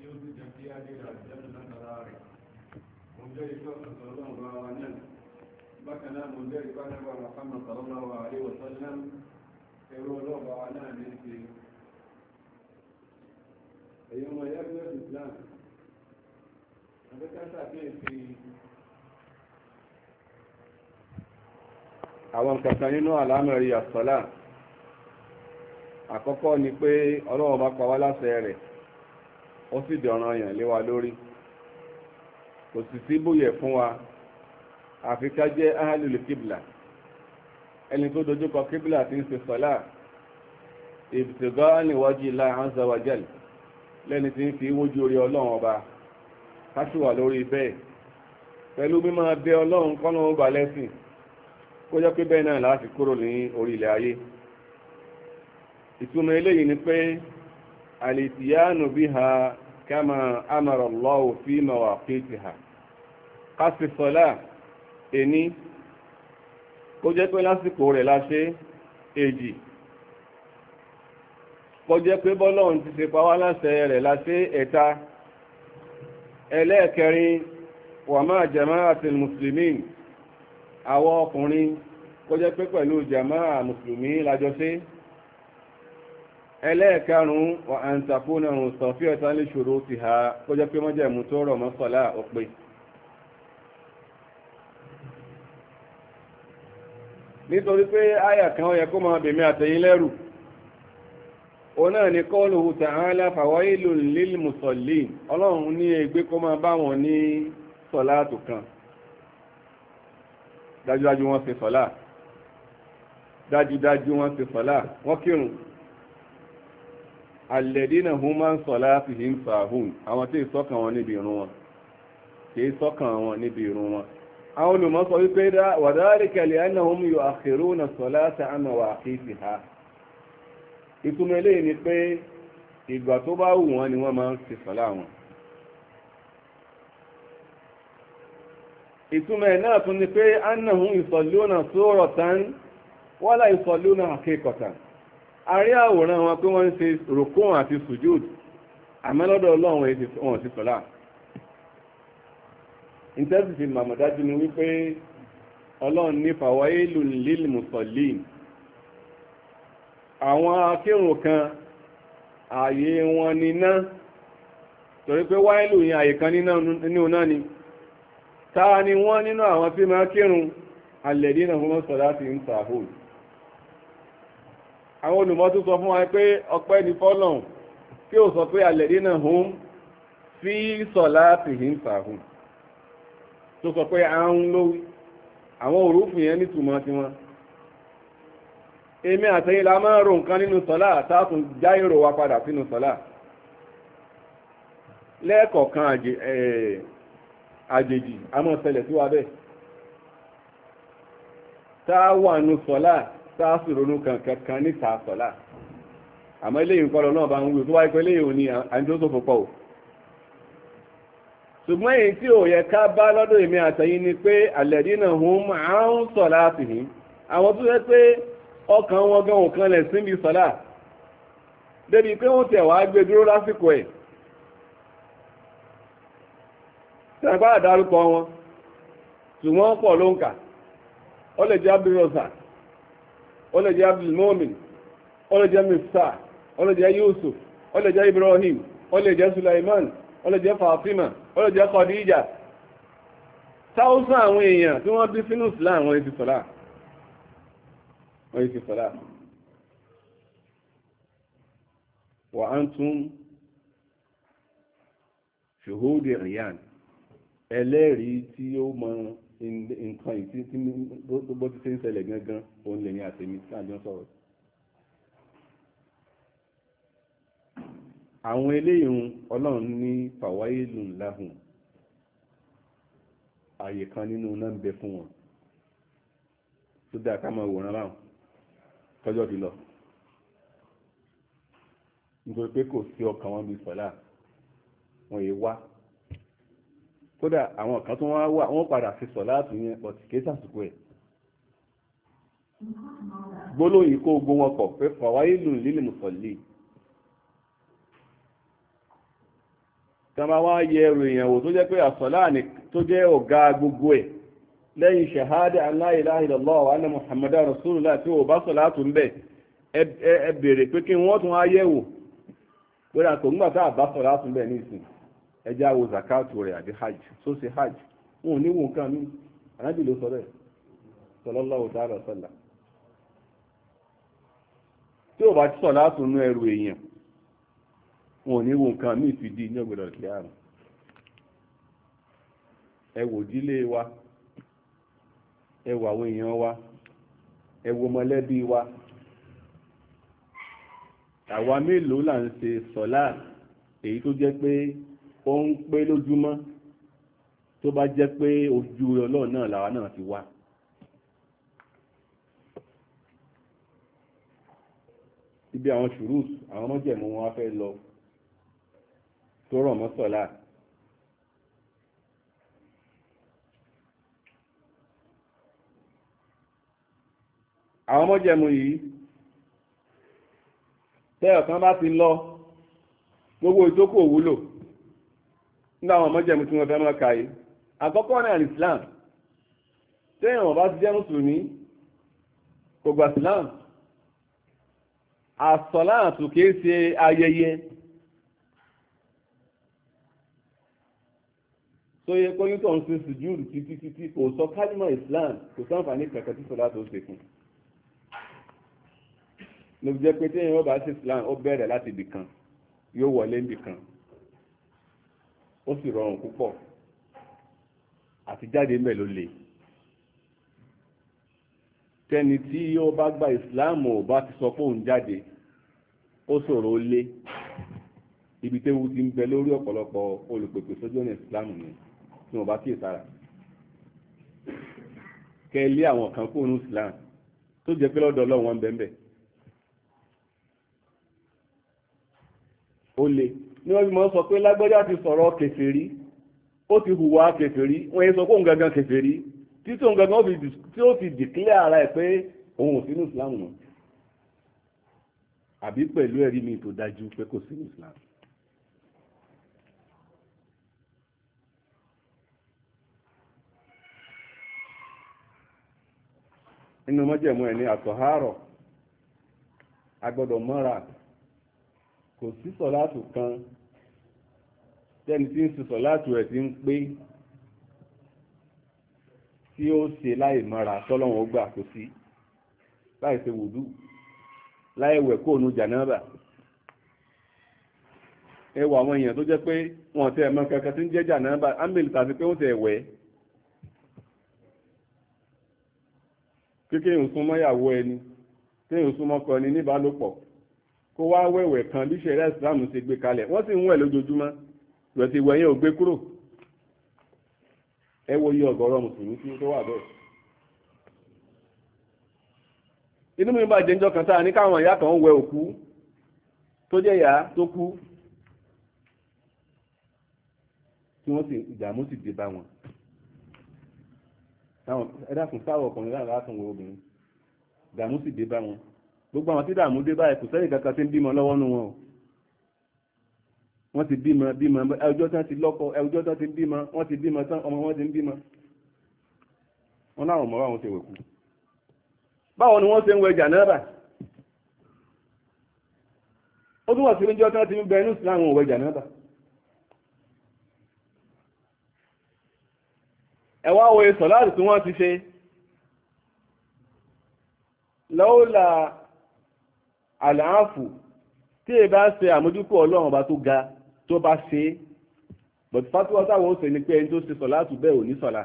tí ó sì jẹ́ kí á lè rà jẹ́nu látara rẹ̀ mo jẹ́ ikọ́ sọ̀rọ̀ ọ̀rọ̀ wa náà bákan náà mo jẹ́ ikọ́ nípa mọ̀sánmà sọ̀rọ̀ wa àríwọ̀ sọ́nà ẹ̀rọ ọlọ́ọ̀bà wa náà ní ṣe èyí ọmọ ẹ̀yà bí ẹ̀sìn Islam àbẹ́ká ṣàkíyèsí àwọn kankan nínú àlámẹ̀rí àsọ́lá àkọ́kọ́ ni pé ọlọ́ọ̀bá pa wá láṣẹ rẹ̀ ó sì dọ̀ràn yàn lé wa lórí kò sì sí bóyẹ̀ fún wa àfi ká jẹ́ áhàlùlù kíbìlà ẹni tó dojúkọ kíbìlà ti ń ṣe sọ́lá ìbùtùgọ́ níwájú ilá azza wa jal lẹ́ni tí ń fi wójú orí ọlọ́run ọba ká sì wà lórí bẹ́ẹ̀ pẹ̀lú mímọ́ bẹ ọlọ́run kọ́nà ó lẹ́sìn kó jẹ́ pé bẹ́ẹ̀ náà láti kúrò ní orí ayé ìtumọ̀ eléyìí ni pé alìtìyánu biha kama amara Allah fi mawaqitiha kásì sọ́lá ẹni kó jẹ́ pé lásìkò rẹ̀ láṣẹ èjì kó jẹ́ pé bọ́lọ́run ti ṣe pa wá láṣẹ rẹ̀ láṣẹ ẹ̀ta ẹlẹ́ẹ̀kẹrin wà máa jama'atul muslimin àwọn ọkùnrin kó jẹ́ pé pẹ̀lú jama'a mùsùlùmí lájọṣe ẹlẹ́ẹ̀karùn-ún an takuna safiyatan li shurutiha kó jẹ́ pé mọ́jẹ̀mú tó rọ̀ mọ́ ọ̀pẹ́ nítorí pé àyà kan ó kó máa bèmí àtẹ̀yìn lẹ́rù ọ̀nà ni qawluhu lil musallin ọlọ́run ní ègbé kó máa bá wọn ní kan dájúdájú wọn si sọ̀lá alẹ́dínà human salatihim sahun àwọn tí ìsọ́kàn wọn níbi ìrun wọn tí ìsọ́kàn wọn níbi ìrun wọn àwọn olùmọ̀ sọ wípé wàdálíkà lè ánà hum yóò àkèrò na sọ̀láta àmà wà àkíyèsí ha ìtumọ̀ ni pé ìgbà tó bá wù wọn ni wọ́n máa ń ti sọ̀lá wọn ìtumọ̀ náà tún ni pé ánà hum ìsọ̀lúnà sórọ̀tán wọ́lá ìsọ̀lúnà àkíkọ̀tán a rí àwòrán wọn pé wọ́n ń ṣe rògbòn àti sùjúd àmọ́ lọ́dọ̀ ọlọ́run èyí wọn ti sọ̀lá ìtẹ́sìtì ni wípé ọlọ́run ní fàwáìlù lílmùsọ̀lìn àwọn akérùn kan ààyè wọn níná torí pé wáìlù yẹn ààyè kan nínú náà ni táà ni wọ́n nínú àwọn tí máa kírun alẹ́dínà fún mọ́sọ̀lá ti ń sàhóòlù àwọn olùmọ̀ tún sọ fún wa pé ọpẹ́ ní fọ́lọ̀hún kí ó sọ pé alẹ́dínà hùn fi sọ̀lá tìhín sàhùn tó sọ pé àrùn lówí àwọn òrùfù yẹn nítumọ̀ tí wọn èmi àtẹ́yìn la máa rò nǹkan nínú sọ́lá tààtùn já èrò wa padà sínú sọ́lá lẹ́ẹ̀kọ̀ọ̀kan àjèjì a mọ́ ṣẹlẹ̀ sí wa bẹ́ẹ̀ tá a wà nù sọ́lá sáàsì ronú kankan níta sọ̀lá àmọ́ eléyìí nǹkan lọ náà bá ń wí tó wáyé pé eléyìí ò ní àjọsòfò pọ̀ o ṣùgbọ́n èyí tí ò yẹ ká bá lọ́dọ̀ èmi àtẹ̀yìn ni pé àlẹ́dínà hum àrùn sọ̀lá tìhín àwọn tó yẹ pé ọkàn wọn gan òkan lẹ̀ síbi sọ̀lá débi pé wọ́n tẹ̀ wá gbé dúró lásìkò ẹ̀ tẹ̀gbá àdárúkọ wọn ṣùgbọ́n pọ̀ ló ń kà ó lè jẹ́ abirọ̀sà ó lè jẹ́ abdulmomin ó lè jẹ́ mifta ó lè jẹ́ yusuf ó lè jẹ́ ibrahim ó lè jẹ́ sulaiman ó lè jẹ́ fatima ó lè jẹ́ khadija táwùsàn àwọn èèyàn tí wọ́n bí sínú islam wọ́n ti sọ̀rọ̀ wọ́n ti sọ̀rọ̀ wa antum ṣòhóde rìyàn ẹlẹ́rìí tí ó mọ nǹkan ìtí tí bó ti ṣe ń ṣẹlẹ̀ gangan òun lè ní àtẹ̀mí sáàjọ́ sọ̀rọ̀ àwọn eléyìí ọlọ́run ní fàwáìlù ńláhùn ààyè kan nínú náà ń bẹ fún wọn tó dáa ká máa wòran láwọn tọ́jọ́ ti lọ nítorí pé kò sí ọkàn wọn bí sọ́lá wọn yìí wá kódà àwọn kan tó wọ́n wà wọ́n padà fi sọ láti yẹn but kìí sàsìkò ẹ̀ gbólóyìn kó ogun wọn pọ̀ pé fàwáyé lù lílì mùsọ̀lì tí wọ́n wá yẹ ẹrù èèyàn wò tó jẹ́ pé àsọ̀lá tó jẹ́ ọ̀gá gbogbo ẹ̀ lẹ́yìn ṣàhádà la ilaha illallah wa anna muhammadan rasulullah tí ò bá sọ látò ń bẹ̀ ẹ bèèrè pé kí wọ́n tún wá yẹ̀wò pé àkóńgbà tá àbá sọ látò ń bẹ̀ ní ìsìn ẹjẹ́ àwo zakatu rẹ̀ àbí hajj tó ṣe hajj wọn ò ní wo nǹkan mi ànábì ló sọ bẹ́ẹ̀ sallallahu ta'ala sallam tí ò bá ti sọ̀ láti nú ẹrù èèyàn wọn ò ní wo nǹkan mi fi di ní ọ̀gbẹ̀dọ̀ kí àrùn ẹ wò ìdílé wa ẹ wò àwọn èèyàn wa ẹ wò mọ̀lẹ́bí wa àwa mélòó là ń ṣe sọ̀lá èyí tó jẹ́ pé ó ń pé lójúmọ́ tó bá jẹ́ pé ojú ọlọ́run náà làwa náà fi wá ibi àwọn ṣùrùs àwọn ọmọjẹ̀mú wọn wá fẹ́ lọ tó rọ̀ mọ́ sọ̀lá àwọn ọmọjẹ̀mú yìí tẹ́ ọ̀kan bá ti lọ gbogbo ìtókò wúlò nígbà àwọn ọmọjẹ̀mú tí wọ́n fẹ́ mọ́ káyé àkọ́kọ́ náà ní Islam tẹ́yìn wọn bá ti jẹ́ mùsùlùmí kò gbà Islam àsọ̀láàtù kìí ṣe ayẹyẹ tó yẹ kó yín tó ń sin sùjúùdù títí títí kò sọ kálímọ̀ Islam kò sáǹfààní kankan tí sọlá tó ṣe fún ló jẹ́ pé tẹ́yìn wọn bá ṣe Islam ó bẹ̀rẹ̀ láti ibì kan yóò wọlé ibì kan ó sì rọrùn púpọ̀ àti jáde ń bẹ̀ ló le tẹni tí ó bá gba ìsìláàmù ò bá ti sọ pé òun jáde ó ṣòro lé ibi tẹ́wu ti ń bẹ lórí ọ̀pọ̀lọpọ̀ olùpèpè sójú ọ̀nà ìsìláàmù ni tí wọ́n bá kíyèsára kẹ́lé àwọn kan kúrò ní islam tó jẹ́ pé lọ́dọ̀ ọlọ́run wọn bẹ́ẹ̀ ó le ni wọ́n fi mọ́ sọ pé lágbájá ti sọ̀rọ̀ keferi ó ti hùwà keferi wọ́n yẹ sọ pé òun gangan o títí òun gangan tí ó fi dìklẹ́ ara ẹ̀ pé òun ò sínú islam nù àbí pẹ̀lú ẹ̀rí mi tó dájú pé kò sínú islam. inú mọ́jẹ̀mú ẹ̀ ní àtọ̀hárọ̀ agbọ́dọ̀ mọ́ra kò sí kan tẹ́ni tí ń sọ láti rẹ̀ ti ń pé tí ó ṣe láì mara tọ́lọ́wọ́n gbà kò sí láì se wùdú láì wẹ̀ kó nu jànáàbà ẹ wò àwọn èèyàn tó jẹ́ pé wọ́n tẹ ẹ̀mọ́ kankan tí ń jẹ́ jànáàbà ámbèlì tàbí pé ó tẹ ẹ̀wẹ́ kékeré ń súnmọ́ ìyàwó ẹni kéèyàn súnmọ́ kọ ni níbálòpọ̀ kó wá wẹ̀wẹ̀ kan bí ṣẹ̀rẹ́ ìsìlámù ṣe gbé kalẹ̀ wọ́n sì ń wẹ̀ lójoojúmọ́ ìrẹsì ìwẹ̀ yẹn ò gbé kúrò ẹ wo iye ọ̀gọ̀rọ̀ mùsùlùmí tí tó wà bẹ́ẹ̀. inú mi bá jẹ́njọ́ kan sáà ní káwọn ìyá kan wẹ òkú tó jẹ́ ìyá tó kú tí wọ́n sì ìdààmú sì dé bá wọn. ẹ dákun sáwọ ọkùnrin láàrín látún wo obìnrin ìdààmú sì dé bá wọn gbogbo àwọn tí ìdààmú dé báyìí kò sẹ́yìn kankan tí ń bímọ lọ́wọ́ nù wọn o wọ́n ti bímọ bímọ ẹjọ́ tán ti lọ́kọ ẹjọ́ tán ti bímọ wọ́n ti bímọ tán ọmọ wọn ti ń bímọ wọn náà mọ̀ báwọn ṣe wẹ̀kú báwọn ni wọ́n ṣe ń wẹ̀ jànáàbà ó túnbọ̀ sí oúnjẹ tán ti ń bẹ inú ìsìláàmù òwẹ̀ jànáàbà ẹ̀wá wo sọ̀láàdì tí wọ́n ti ṣe lọ́ọ́là àlàáfù tí ẹ bá ṣe àmójúkú ọlọ́run ọba tó ga tó bá ṣe but fatiwa táwọn ó ṣe ni pé ẹni tó ṣe sọ̀lá àtúbẹ̀ ò ní sọ̀lá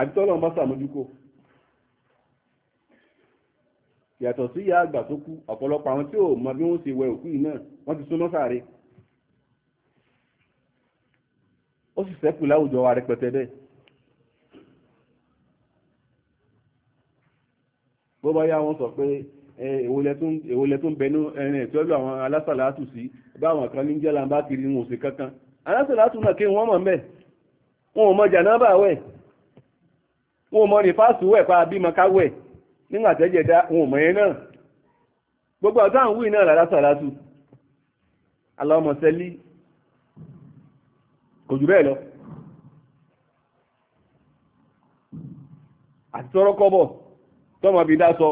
àbítọ́lọ́ bá sàmójúkò yàtọ̀ sí ìyá àgbà tó kú ọ̀pọ̀lọpọ̀ àwọn tí ò mọ bí wọ́n ṣe wẹ òkú yìí náà wọ́n ti súnmọ́ sáré ó sì ṣẹ́kù láwùjọ wa rẹpẹtẹ bẹ́ẹ̀ bó bá yá wọn sọ pé èwòlẹ̀ tó ń bẹnu ẹ̀rìn ẹ̀tọ́lù àwọn alásàlátù sí báwọn kan ní jẹ́lá bá kiri wọn ò sí kankan alásàlátù náà kí wọ́n mọ̀ mẹ́ wọn ò mọ jànáàbà wẹ̀ wọn ò mọ nífàsù wẹ̀ pa bímọ ká wẹ̀ nígbà tẹ́jẹ̀ dá wọn ò mọ yẹn náà gbogbo àtàwọn wíì náà lálásàlátù aláwọ̀mọ̀sẹ́lí kò jù bẹ́ẹ̀ lọ àti tọ́rọ́kọ́bọ̀ tọ́mọ̀ bí dá sọ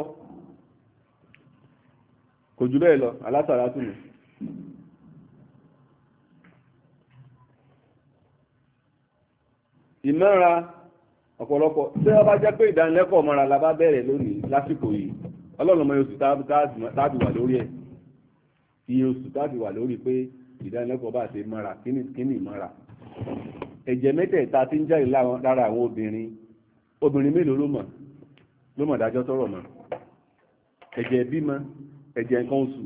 kò jù bẹ́ẹ̀ lọ alásàrá tù mí ìmọ́ra ọ̀pọ̀lọpọ̀ tí wọ́n bá jẹ́ pé ìdánilẹ́kọ̀ọ́ mara la bá bẹ̀rẹ̀ lónìí lásìkò yìí ọlọ́run mọ oṣù táàbì wà lórí ẹ̀ iye oṣù táàbì wà lórí pé ìdánilẹ́kọ̀ọ́ bá ṣe mọ́ra kíní mọ́ra ẹ̀jẹ̀ mẹ́tẹ̀ẹ̀ta ti ń jáde lára àwọn obìnrin obìnrin mélòó ló mọ̀ ló mọ̀ dájọ́ tọrọ mọ́ ẹ̀jẹ̀ bímọ ẹ̀jẹ̀ nǹkan oṣù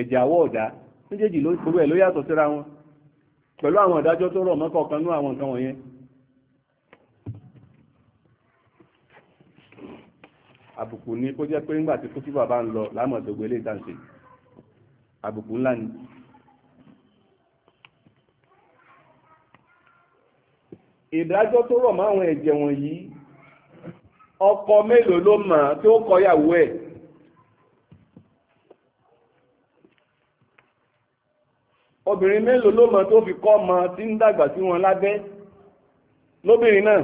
ẹ̀jẹ̀ àwọ̀ ọ̀dá méjèèjì gbogbo ẹ̀ ló yàtọ̀ síra wọn pẹ̀lú àwọn ìdájọ́ tó rọ̀ mọ́kọ̀ọ̀kan ní àwọn nǹkan wọ̀nyẹn àbùkù ni kó jẹ́ pé nígbà tí kútùbà bá ń lọ lámọ̀dógbò ilé ìtànṣe àbùkù ńlá ni ìdájọ́ tó rọ̀ mọ́ àwọn ẹ̀jẹ̀ wọ̀nyí ọkọ mélòó ló mọ̀ tí ó yàwó ẹ̀ obìnrin mélòó ló mọ̀ tó fi kọ́ ọmọ tí ń dàgbà sí wọn lábẹ́ lóbìnrin náà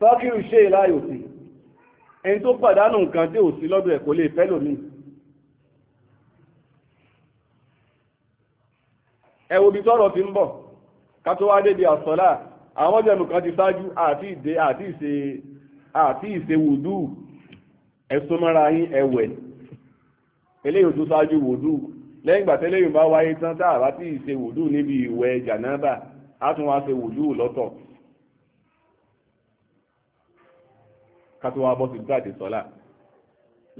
tọ́kìrù ṣe ìláyò sí ẹni tó pàdánù nǹkan tí ò sí lọ́dọ̀ ẹ̀ kò lè fẹ́ lòmíì ẹ wo bí tọ́rọ̀ fi ń bọ̀ ká tó wá débi àsọlá àwọn ọjọ́nu kan ti ṣáájú àti ìdè àti ìṣe àti ìṣe wùdú ẹ̀sùn mọ́ra yín ẹ̀wẹ̀ eléyìí tó ṣáájú wùdú lẹ́yìn ìgbà tẹ́lẹ̀ yìí bá wáyé tán tá àbá tí ìṣe wùdú níbi ìwẹ̀ jànáàbà á tún wá ṣe wùdú lọ́tọ̀ ká tó wá bọ́ sí gbàdé sọ́lá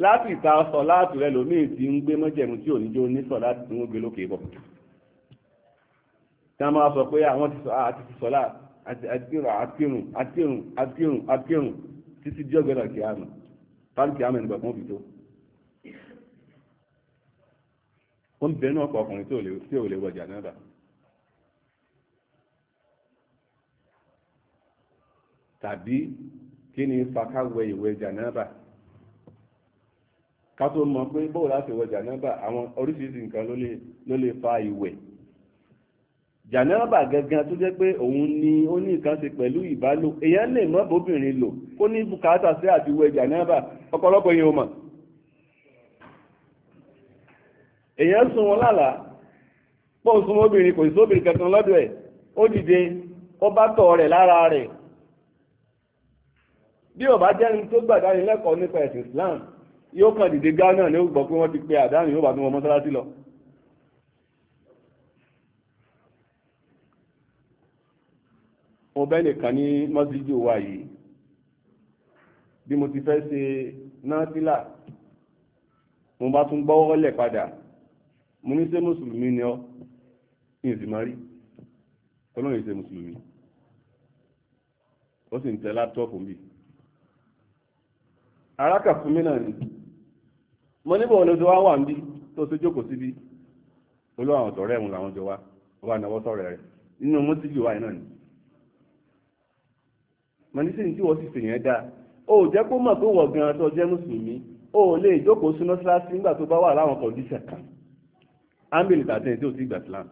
láti ìta sọ́lá àtúrẹ́ lómìn tí ń gbé mọ́jẹ̀mú tí òníjó ní sọ́lá tí wọ́n gbé lókè bọ̀ tí a máa sọ pé àwọn àti ti sọ́lá àtìrùn àtìrùn àtìrùn àtìrùn àtìrùn títí díọ̀gbẹ́dà kìámù tálùkìámù ẹnìgbà kan fi tó ó ń bẹnu ọ̀pọ̀ ọkùnrin tí ò lè wọ jànábà tàbí kí ni fakáwẹ ìwẹ̀ jànábà ká tó mọ̀ pé bóò láti wọ jànábà àwọn oríṣiríṣi nǹkan ló lè fa ìwẹ̀ jànábà gangan tó jẹ́ pé òun ni ó ní nǹkan ṣe pẹ̀lú ìbálò èèyàn lè mọ́ bóbìnrin lò ó ní bùkátà sí àti wẹ̀ jànábà ọ̀pọ̀lọpọ̀ yẹn ò mọ̀ èèyàn sùn wọn lálàá pọ̀ sùn obìnrin kò sí obìnrin kankan lọ́dọ̀ ẹ̀ ó dìde ó bá tọ̀ rẹ̀ lára rẹ̀ bí ó bá jẹ́ni tó gbàdánì lẹ́kọ̀ọ́ nípa ẹ̀sìn Islam yóò kàn dìde Ghana ní ó gbọ́ pé wọ́n ti pe àdánù yóò bá tún wọn mọ́sálásí lọ mo bẹ́ nìkan ní mọ́síjú wa yìí bí mo ti fẹ́ ṣe náà sílà mo bá tún gbọ́wọ́ lẹ̀ padà mo ní ṣé mùsùlùmí ni ọ́ ní ìsìmárì ọlọ́run ìṣe mùsùlùmí ó sì ń tẹ láptọ́ọ̀pù mi arákà fún mi náà ni mo níbọ̀ wọn ló ti wá wà ń bí tó ṣe jókòó síbi olú àwọn ọ̀tọ̀ rẹ̀ ń làwọn jọ wá ó bá náwó sọ̀rọ̀ rẹ̀ nínú mọ́tíjì wáyé náà ni mo ní sí ní tí wọ́n sì fèèyàn dáa o jẹ́ kó mọ̀ pé wọ̀ gan-an tó jẹ́ mùsùlùmí o lè jókòó súná síláṣí nígbà tó bá wà láwọn kọ̀díṣà kan ámbìlì tàtẹ́ tí ó ti gbà Islam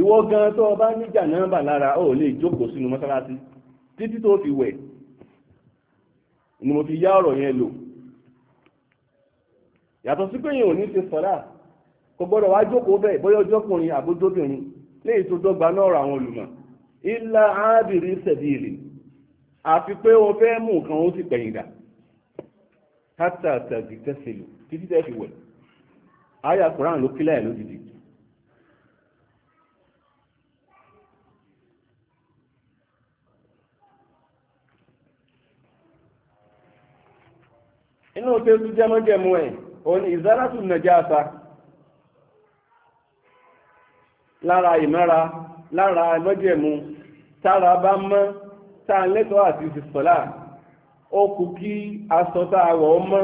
ìwọ gan tó ọba níjà nọ́mbà lára ó lè jókòó sínú mọ́sálásí títí tó fi wẹ̀ ni mo fi yá ọ̀rọ̀ yẹn lò yàtọ̀ sí pé yìí ò ní ṣe sọ́lá kò gbọ́dọ̀ wá jókòó bẹ́ẹ̀ bóyá ọjọ́kùnrin àbójóbìnrin léyìí tó dọ́gba náà ra àwọn olùmọ̀ ilá ábìrí sẹ̀bìrì àfi pé o fẹ́ mú nǹkan ó sì pẹ̀yìn dà kátà tàbí tẹ́sílù títí tẹ́ fi wẹ̀ Aya Quran ló kílẹ̀ lódìdí inú tí ó tún jẹ́mọ́jẹ́mú ẹ̀ òun ni ìzáràtù nàjàsà lára ìmára lára mọ́jẹ̀mú tára bá mọ́ tá ń lẹ́tọ̀ọ́ àti ti sọ́lá ó kù kí aṣọ tá a wọ̀ ọ́ mọ́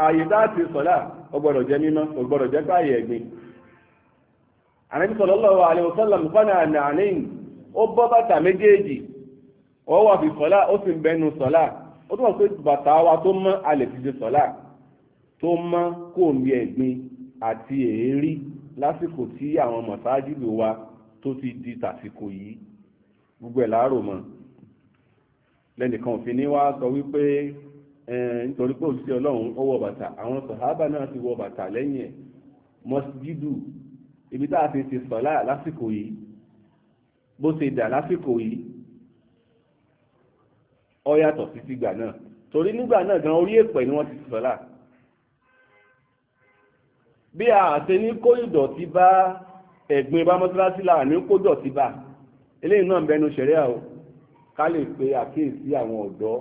ààyè dáàtì sọ́lá ọgbọ̀dọ̀ jẹ́ mímọ́ ọgbọ̀dọ̀ jẹ́ báyẹ̀ ẹ̀gbin ànábì sallallahu alaihi wasallam kọ́nà àníyàn ó bọ́ bàtà méjèèjì ó wà fi sọ́lá ó sì ń bẹnu sọ́lá ó túnmọ̀ pé bàtà wa tó mọ́ alẹ̀ fi ṣe sọ́lá tó mọ́ kò ní ẹ̀gbin àti èérí lásìkò tí àwọn mọ̀sáájìlú wa tó ti di tàsìkò yìí gbogbo ẹ̀ láàrò mọ́ lẹ́nìkan òfin ní wá sọ wípé nítorí pé òṣìṣẹ́ ọlọ́run ó wọ bàtà àwọn sàhábà náà ti wọ bàtà lẹ́yìn ẹ̀ mọ́síjídù ibi tá a ti ti sọ̀lá lásìkò yìí bó ṣe dà lásìkò yìí ó yàtọ̀ sí ti gbà náà torí nígbà náà gan orí èpẹ̀ ni wọ́n ti ti sọ̀lá bí a àṣẹ ní kó ìdọ̀tí bá ẹ̀gbin bá mọ́sálásí láàánú kó dọ̀tí bá eléyìí náà bẹnu ṣẹ̀ríà o ká lè pe àkíyèsí àwọn ọ̀dọ́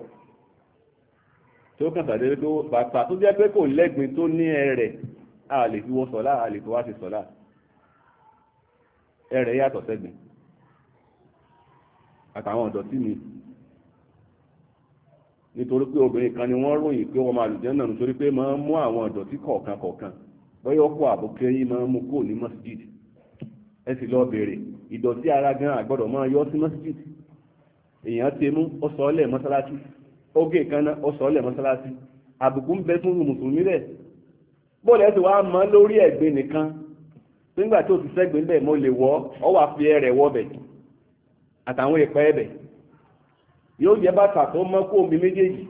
tó kàn tàbí pé bàtà tó jẹ́ pé kò lẹ́gbin tó ní ẹrẹ̀ a lè fi wọ sọ̀lá a lè fi wá sí sọ̀lá ẹrẹ̀ yàtọ̀ sẹ́gbin àtàwọn ọ̀dọ̀ sí mi nítorí pé obìnrin kan ni wọ́n ròyìn pé wọ́n máa lùjẹ́ náà nítorí pé máa ń mú àwọn ọ̀dọ̀ tí kọ̀ọ̀kan kọ̀ọ̀kan bọ́yọ̀ kó àbókẹ́ yín máa ń mú kó ní masjid ẹ sì lọ bèrè ìdọ̀tí ara gan àgbọ̀dọ̀ máa yọ sí masjid èèyàn ti mú ó sọ ọ́ lẹ̀ mọ́sálásí oge ìkanná ọsọ ọlẹ̀ mọ́sálásí àbùkù ń bẹ fún mùsùlùmí rẹ̀ bóòlù ẹ̀sìn wa mọ́ lórí ẹ̀gbin nìkan nígbà tó ti sẹ́gbin bẹ́ẹ̀ mo lè wọ́ ọ wà fi ẹ̀rẹ̀ wọ́ bẹ̀ àtàwọn ìpẹ́ ẹ̀bẹ̀ yóò jẹ́ bàtà tó mọ́ kó omi méjèèjì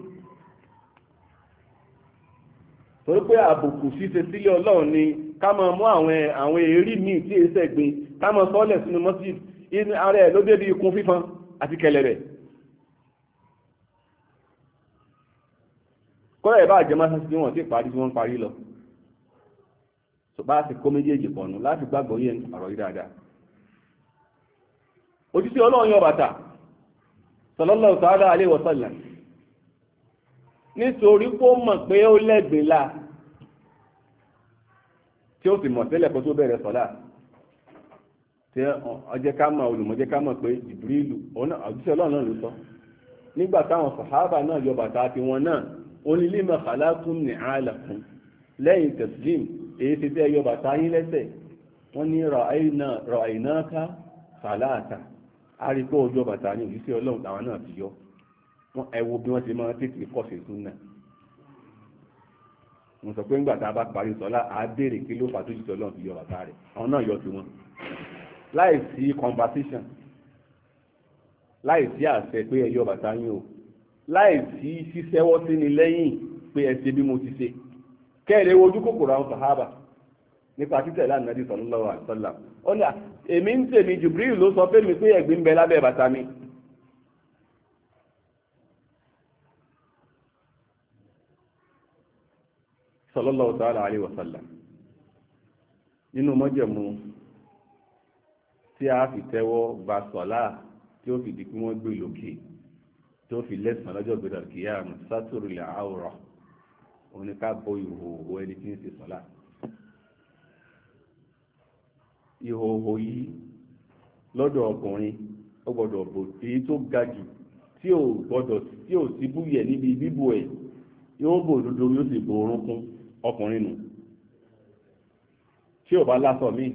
torí pé àbùkù ṣíṣe sílé ọlọ́run ni ká máa mú àwọn àwọn èrí míì tí èsẹ̀ gbin ká máa sọ́ọ̀lẹ̀ sínú mọ́síd ara ẹ̀ ló débi ikun fífan àti kẹlẹ̀ kọ́lẹ̀ ìbá àjẹmọ́ sáà sí wọn tí parí tí wọ́n parí lọ bá ti kó méjèèjì pọ̀nù láti gbàgbọ́ yẹn ọ̀rọ̀ yìí dáadáa ojúṣe ọlọ́run yọ bàtà sallallahu ta'ala alaihi wa sallam nítorí kó mọ̀ pé ó lẹ́gbẹ̀ẹ́ la tí ó sì mọ̀ tẹ́lẹ̀ kó tó bẹ̀rẹ̀ sọ́lá tí ọjẹ́ ká mọ̀ olùmọ̀jẹ́ ká mọ̀ pé Jibrilu ojúṣe ọlọ́run náà ló sọ nígbà táwọn sàhábà náà yọ bàtà tiwọn náà onílímọ̀ kàlákùn ní àlàkùn lẹ́yìn tẹ̀sílìm èyí ti tẹ́ yọ bàtà yín lẹ́sẹ̀ wọ́n ní rọ̀ àìnáká kàláàtà àríkọ́ ojú bàtà yín òjú sí ọlọ́run táwọn náà ti yọ wọ́n ẹwo bí wọ́n ti máa tètè kọ́sì tún náà mo sọ pé ńgbà tá a bá parí sọlá a kí ló fàtó jù sọlọ́run fi yọ bàtà rẹ̀ àwọn náà yọ tiwọn láì sí conversation láì sí àṣẹ pé ẹ yọ bàtà yín o láì sí sísẹ́wọ́ sí ni lẹ́yìn pé ẹ ṣe bí mo ti ṣe kẹ́ẹ̀rẹ́ ojú kòkòrò àwọn sàhábà nípa títẹ̀ láàrin nàdí sallallahu alaihi wasallam ó ní èmi ń tèmi Jibril ló sọ fẹ́mi pé ẹ̀gbin ń bẹ lábẹ́ bàtà mi sallallahu ta'ala alaihi wasallam nínú mọ́jẹ̀mú tí a fi tẹ́wọ́ gba sọ̀lá tí ó fi di pé wọ́n gbé lókè tí ó fi lẹ́sàn lọ́jọ́ gbẹdọ̀ kìíyà àmì sátúrù ilẹ̀ àwòrán òun ni ká bo ìhòòhò ẹni tí ń ṣe sọ́lá ìhòòhò yìí lọ́dọ̀ ọkùnrin ó gbọ́dọ̀ bò èyí tó ga jù tí ò gbọ́dọ̀ tí ò sí búyẹ̀ níbi bíbò ẹ̀ yóò bò dúdú yóò sì bo orúnkún ọkùnrin nù tí ò bá lásọ míì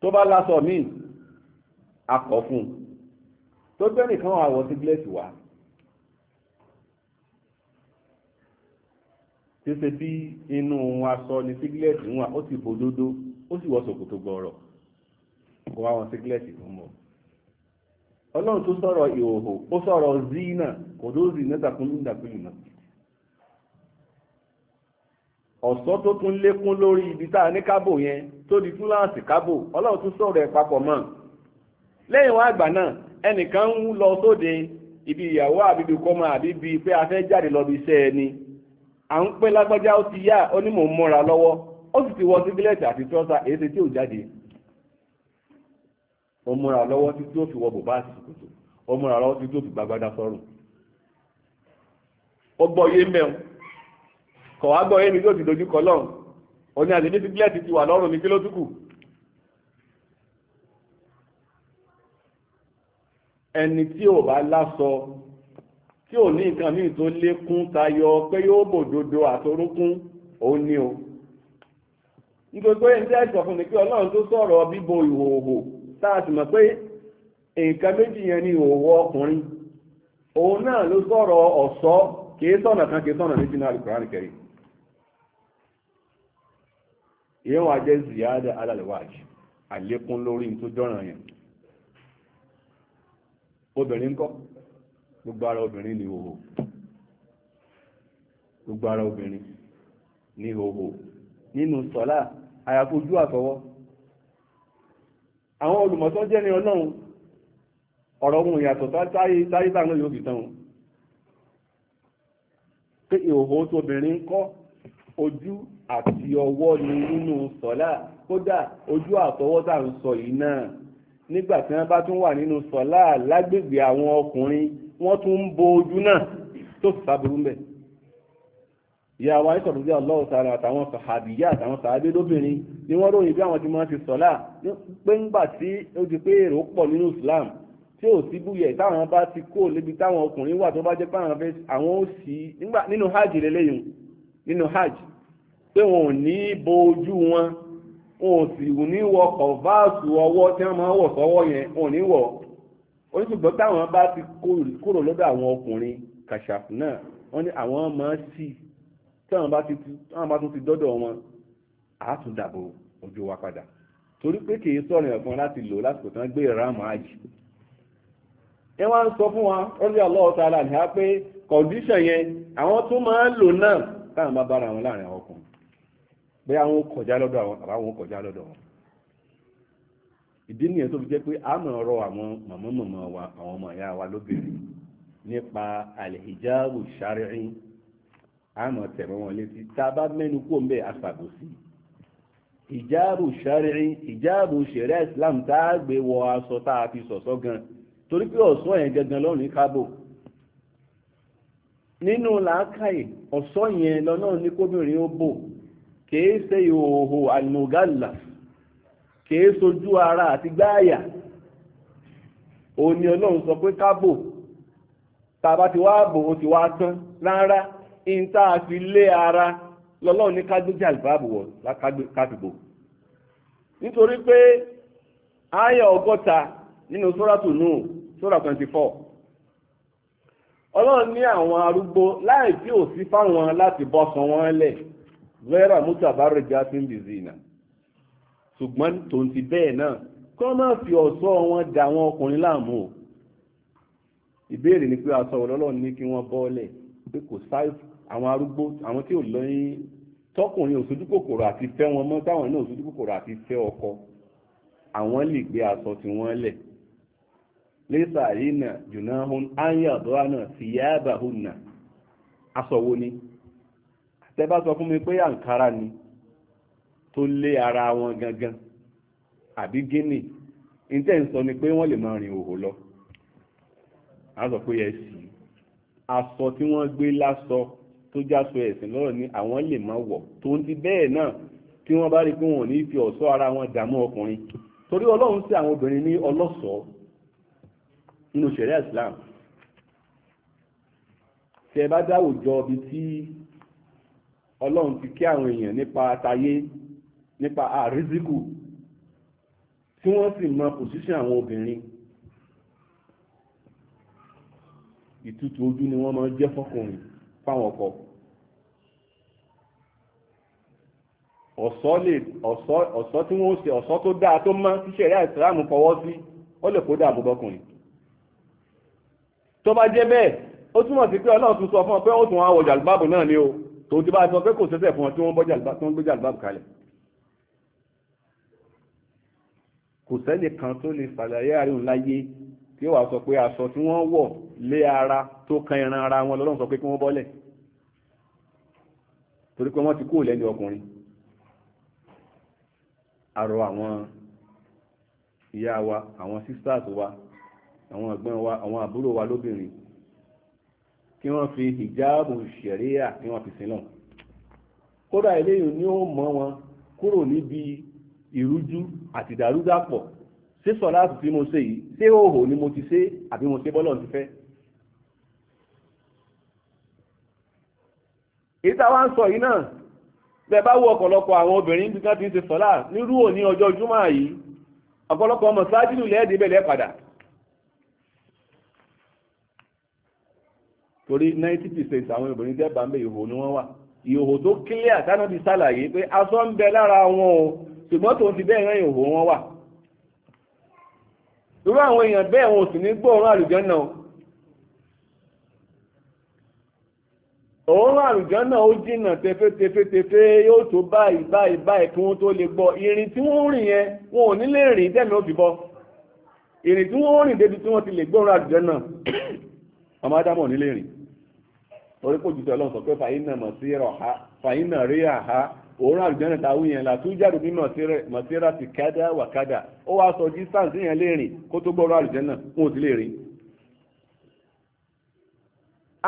tó bá lásọ míì akọ̀ fún un tó gbé nìkan wà wọ sígílẹ̀tì wá tí ó ṣe bí inú aṣọ ni sígílẹ̀tì ń wà ó sì bò dódó ó sì wọ ṣòkòtò gbọ̀ọ̀rọ̀ kó wá wọn sígílẹ̀tì tó ń bọ̀ ọlọ́run tó sọ̀rọ̀ ìhòhò ó sọ̀rọ̀ zina kò tó zina takunlindakuli náà ọ̀sọ́ tó tún lékún lórí ibi tá a ní kábò yẹn tó di túláàsì kábò ọlọ́run tún sọ̀rọ̀ ẹ̀ papọ̀ mọ́ lẹ́yìn wá àgbà náà ẹnìkan ń lọ sóde ibi ìyàwó àbíbi kọ́mọ àbíbi pé a fẹ́ jáde lọ bí iṣẹ́ ẹni à ń pẹ́ lágbájá ó ti yá ó ń lọ́wọ́ ó ti wọ síbílẹ̀tì àti trọ́sà èyí tí ò jáde ó lọ́wọ́ títí ó fi wọ bùbá àti ṣòkòtò ó lọ́wọ́ títí ó fi gbàgbádá sọ́rùn ó gbọ́ yé mẹ́un kọ̀ wá gbọ́ yé mi ti dojú kọ lọ́rùn ó ní ti wà lọ́rùn mi kí ẹni tí ò bá lásọ tí ò ní nǹkan míì tó lékún tayọ pé yóò bòdodo àtorúnkún òun ni o nítorí pé ní ẹ̀sọ̀ fún mi pé ọlọ́run tó sọ̀rọ̀ bíbo ìhòòhò tá a sì mọ̀ pé nǹkan méjì yẹn ni ìhòòhò ọkùnrin òun náà ló sọ̀rọ̀ ọ̀ṣọ́ kìí sọ̀nà kan kìí sọ̀nà méjì náà ìyẹn wàá wajib àlékún lórí jọ́ràn obìnrin ńkọ́ gbogbo ara obìnrin ni ìhòhò gbogbo ara obìnrin ni ìhòhò nínú sọ́lá àyàfojú àtọwọ́ àwọn olùmọ̀tán jẹ́ ní ọlọ́run ọ̀rọ̀ ohun ìyàtọ̀ táyé táwọn yóò fi tán wọn pé ìhòhò tóbìnrin ńkọ́ ojú àti ọwọ́ ni nínú sọ́lá kódà ojú àtọwọ́ tá à ń sọ yìí náà nígbà tí wọ́n bá tún wà nínú sọ̀lá lágbègbè àwọn ọkùnrin wọ́n tún ń bo ojú náà tó sì sábúrú ń bẹ̀. ìyá wa ní sọ̀rọ̀ bí ọlọ́run sára àtàwọn sàhàbíyà àtàwọn sàhábé lóbìnrin ni wọ́n ròyìn bí àwọn ti máa ti sọ̀lá pé ńgbà tí ó di pé èrò pọ̀ nínú Islam tí ò sí búyẹ̀ táwọn bá ti kó lébi táwọn ọkùnrin wà tó bá jẹ́ pé àwọn ò sí nínú hajj lélẹ́yìn nínú hajj pé wọn ò ní bo ojú wọn wọn ò sì ní wọ kọ̀ǹfáàsù ọwọ́ tí wọ́n máa wọ̀ sọ́wọ́ yẹn wọn ò ní wọ̀ oníṣùgbọ́n táwọn bá ti kúrò lọ́dọ̀ àwọn ọkùnrin kàṣàfù náà wọ́n ní àwọn máa sí tí àwọn bá tún ti dọ́dọ̀ wọn á tún dàbò ojú wa padà torí pé kì í sọ̀rọ̀ ẹ̀fọn láti lò lásìkò tí wọ́n gbé ìrámọ̀ àjì ẹ wá ń sọ fún wa ọlọ́dí Allah ta'ala ní a pé kọ̀ǹdíṣàn yẹn àwọn tún máa ń lò náà táwọn bá bára wọn láàrin ọ pé àwọn kọjá lọ́dọ̀ àwọn àwọn kọjá lọ́dọ̀ wọn ìdí nìyẹn tó fi jẹ́ pé a máa rọ àwọn màmá màmá wa àwọn ọmọ ìyá wa lóbìnrin nípa àlèhijáàbù ṣàríìn a máa tẹ̀mọ́ wọn létí tá a bá mẹ́nu kó ń bẹ́ àṣàbòsí ìjáàbù ṣàríìn ìjáàbù ṣẹ̀rẹ́ islam tá a gbé wọ aṣọ tá a fi sọ̀sọ́ gan torí pé ọ̀ṣọ́ yẹn gangan lọ́rùn kábò nínú làákàyè ọ̀ṣọ́ yẹn lọ́nà ní kóbìnrin ó bò kèé ṣe ìhòòhò àlùmọ̀gálà kèé sojú ara àti o ni ọlọ́run sọ pé kábò tàbá ti wá bò ó ti wá tán rárá ìta ara lọ́lọ́run ní kágbéjì àlùbáàbò wọ̀ káfìbò nítorí pé àyà ọgọ́ta nínú ninu nù sórà 24 ọlọ́run ní àwọn arúgbó láì tí ò sí fáwọn láti bọ́ wọn lẹ̀ vera mutabari jatin bizina ṣùgbọ́n tòun ti bẹ́ẹ̀ náà kọ́ máa fi ọ̀ṣọ́ wọn da àwọn ọkùnrin láàmú o ìbéèrè ni pé aṣọ ọlọ́lọ́run ní kí wọ́n bọ́ọ̀lẹ̀ pé kò sáì àwọn arúgbó àwọn tí ò lọ́yìn tọkùnrin òṣojú kòkòrò àti fẹ́ wọn mọ́ táwọn náà òṣojú kòkòrò àti fẹ́ ọkọ àwọn lè gbé aṣọ tí wọ́n lẹ̀ lẹ́sàárínà jùnáhùn áyàdọ́rà náà fìyàbàhùn náà aṣọ wo ni tẹ́ bá sọ fún mi pé àǹkárá ni tó lé ara wọn gangan àbí gíní ìtẹ́ ń sọ ni pé wọ́n lè máa rìn òhò lọ a sọ pé ẹ̀sì aṣọ tí wọ́n gbé lásọ tó jáṣọ ẹ̀sìn lọ́rọ̀ ni àwọn lè máa wọ̀ tó ń di bẹ́ẹ̀ náà tí wọ́n bá rí pé wọn ò ní fi ọ̀ṣọ́ ara wọn dààmú ọkùnrin torí ọlọ́run sí àwọn obìnrin ní ọlọ́ṣọ̀ọ́ nínú ṣẹ̀ríà Islam tẹ́ bá dáwùjọ ibi tí ọlọ́run ti kí àwọn èèyàn nípa tayé nípa àrísíkù tí wọ́n sì mọ pòsíṣàn àwọn obìnrin ìtutù ojú ni wọ́n máa jẹ́ fọkùnrin fáwọn ọkọ ọ̀ṣọ́ tí wọ́n ṣe ọ̀ṣọ́ tó dáa tó mọ́ tí ṣẹ̀rí àìsíláàmù fọwọ́ sí ó lè kó dáàbò bọ́kùnrin tó bá jẹ́ bẹ́ẹ̀ ó túmọ̀ sí pé ọlọ́run tún sọ fún ọ pé ó tún wá wọ jàlúbáàbù náà ni o tó ti bá sọ pé kò sẹ́sẹ̀ fún ọ tí wọ́n gbé jàlbáàbù kalẹ̀ kò sẹ́nìkan tó lè ṣàlàyé àríwọ̀n láyé tí ó wà sọ pé aṣọ tí wọ́n wọ̀ lé ara tó kan ẹran ara wọn lọ́lọ́run sọ pé kí wọ́n bọ́lẹ̀ torí pé wọ́n ti kúrò lẹ́ni ọkùnrin àrọ àwọn ìyá wa àwọn sisters wa àwọn ẹ̀gbọ́n wa àwọn àbúrò wa lóbìnrin kí wọ́n fi hijabu sharia kí wọ́n fi sílọ̀ kódà eléyìí ni ó mọ́ wọn kúrò níbi ìrújú àti ìdàrúdàpọ̀ ṣé sọ̀láàtù tí mo ṣe yìí ṣé òhò ni mo ti ṣe àbí mo ṣe bọ́lọ̀ ti fẹ́ ìta wá ń sọ yìí náà bẹ bá wo ọ̀pọ̀lọpọ̀ àwọn obìnrin bí kan ti ń ṣe sọ́lá nírú òní ọjọ́ júmọ́ yìí ọ̀pọ̀lọpọ̀ ọmọ sáájú lẹ́ẹ̀dẹ́gbẹ̀lẹ́ padà torí ninety percent àwọn obìnrin tẹ́ bá ń bẹ ìhò ni wọ́n wà ìhò tó clear tánà ti ṣàlàyé pé aṣọ ń bẹ lára wọn o ṣùgbọ́n tòun ti bẹ́ẹ̀ rán ìhò wọn wà irú àwọn èèyàn bẹ́ẹ̀ wọn ò sì ní gbóòórùn àlùjànnà òórùn àlùjànnà ó jìnnà tefétefétefé yóò tó báyìí báyìí báyìí kí wọ́n tó lè gbọ́ ìrìn tí wọ́n rìn yẹn wọn ò ní lè rìn tẹ́mi ó fi bọ́ ìrìn tí wọ́n rìn débi tí wọ́n ti lè gbóòórùn àlùjànnà ọmọ ádámọ̀ ò rìn torí kò jùtọ̀ lọ sọ pé fàyínà mọ̀ sí rọ̀ fàyínà rí àhá òórùn àlùjànnà táwọn yẹn la tún jáde bí mọ̀síra ti kádà wà kádà ó wá sọ distance yẹn lè rìn kó tó gbọ́rọ̀ àlùjànnà náà fún òtí lè rìn.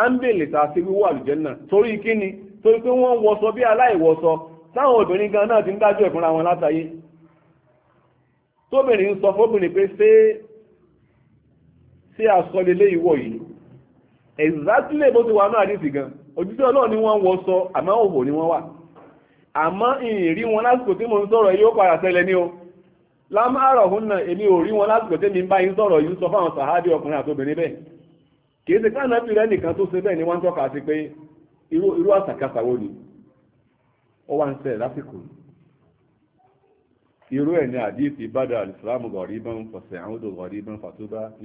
ámbèlè ta sí wíwọ̀ àlùjànnà torí kíni torí pé wọ́n wọṣọ bí aláìwọṣọ táwọn obìnrin gan náà ti ń dájọ́ ìfúnra wọn látàyé tóbìnrin sọ fóbìnrin pé ṣé ṣé aṣọ lélẹ́yìí exactly bó ti wà náà àdìsí gan ọ ọlọ́run ni wọ́n wọ sọ àmọ́ òhò ni wọ́n wà àmọ́ ìrìn wọn lásìkò tí mo ń sọ̀rọ̀ yóò padà ṣẹlẹ̀ ní o lámàárọ̀ hún náà èmi ò rí wọn lásìkò tí mi ń bá yín sọ̀rọ̀ yìí sọ fáwọn sàhábì ọkùnrin àtobìnrin bẹ́ẹ̀ kì í ṣe káàná fi nìkan tó ṣe bẹ́ẹ̀ ni wọ́n ń tọ́ka sí pé irú àṣàkáṣà wo ni ó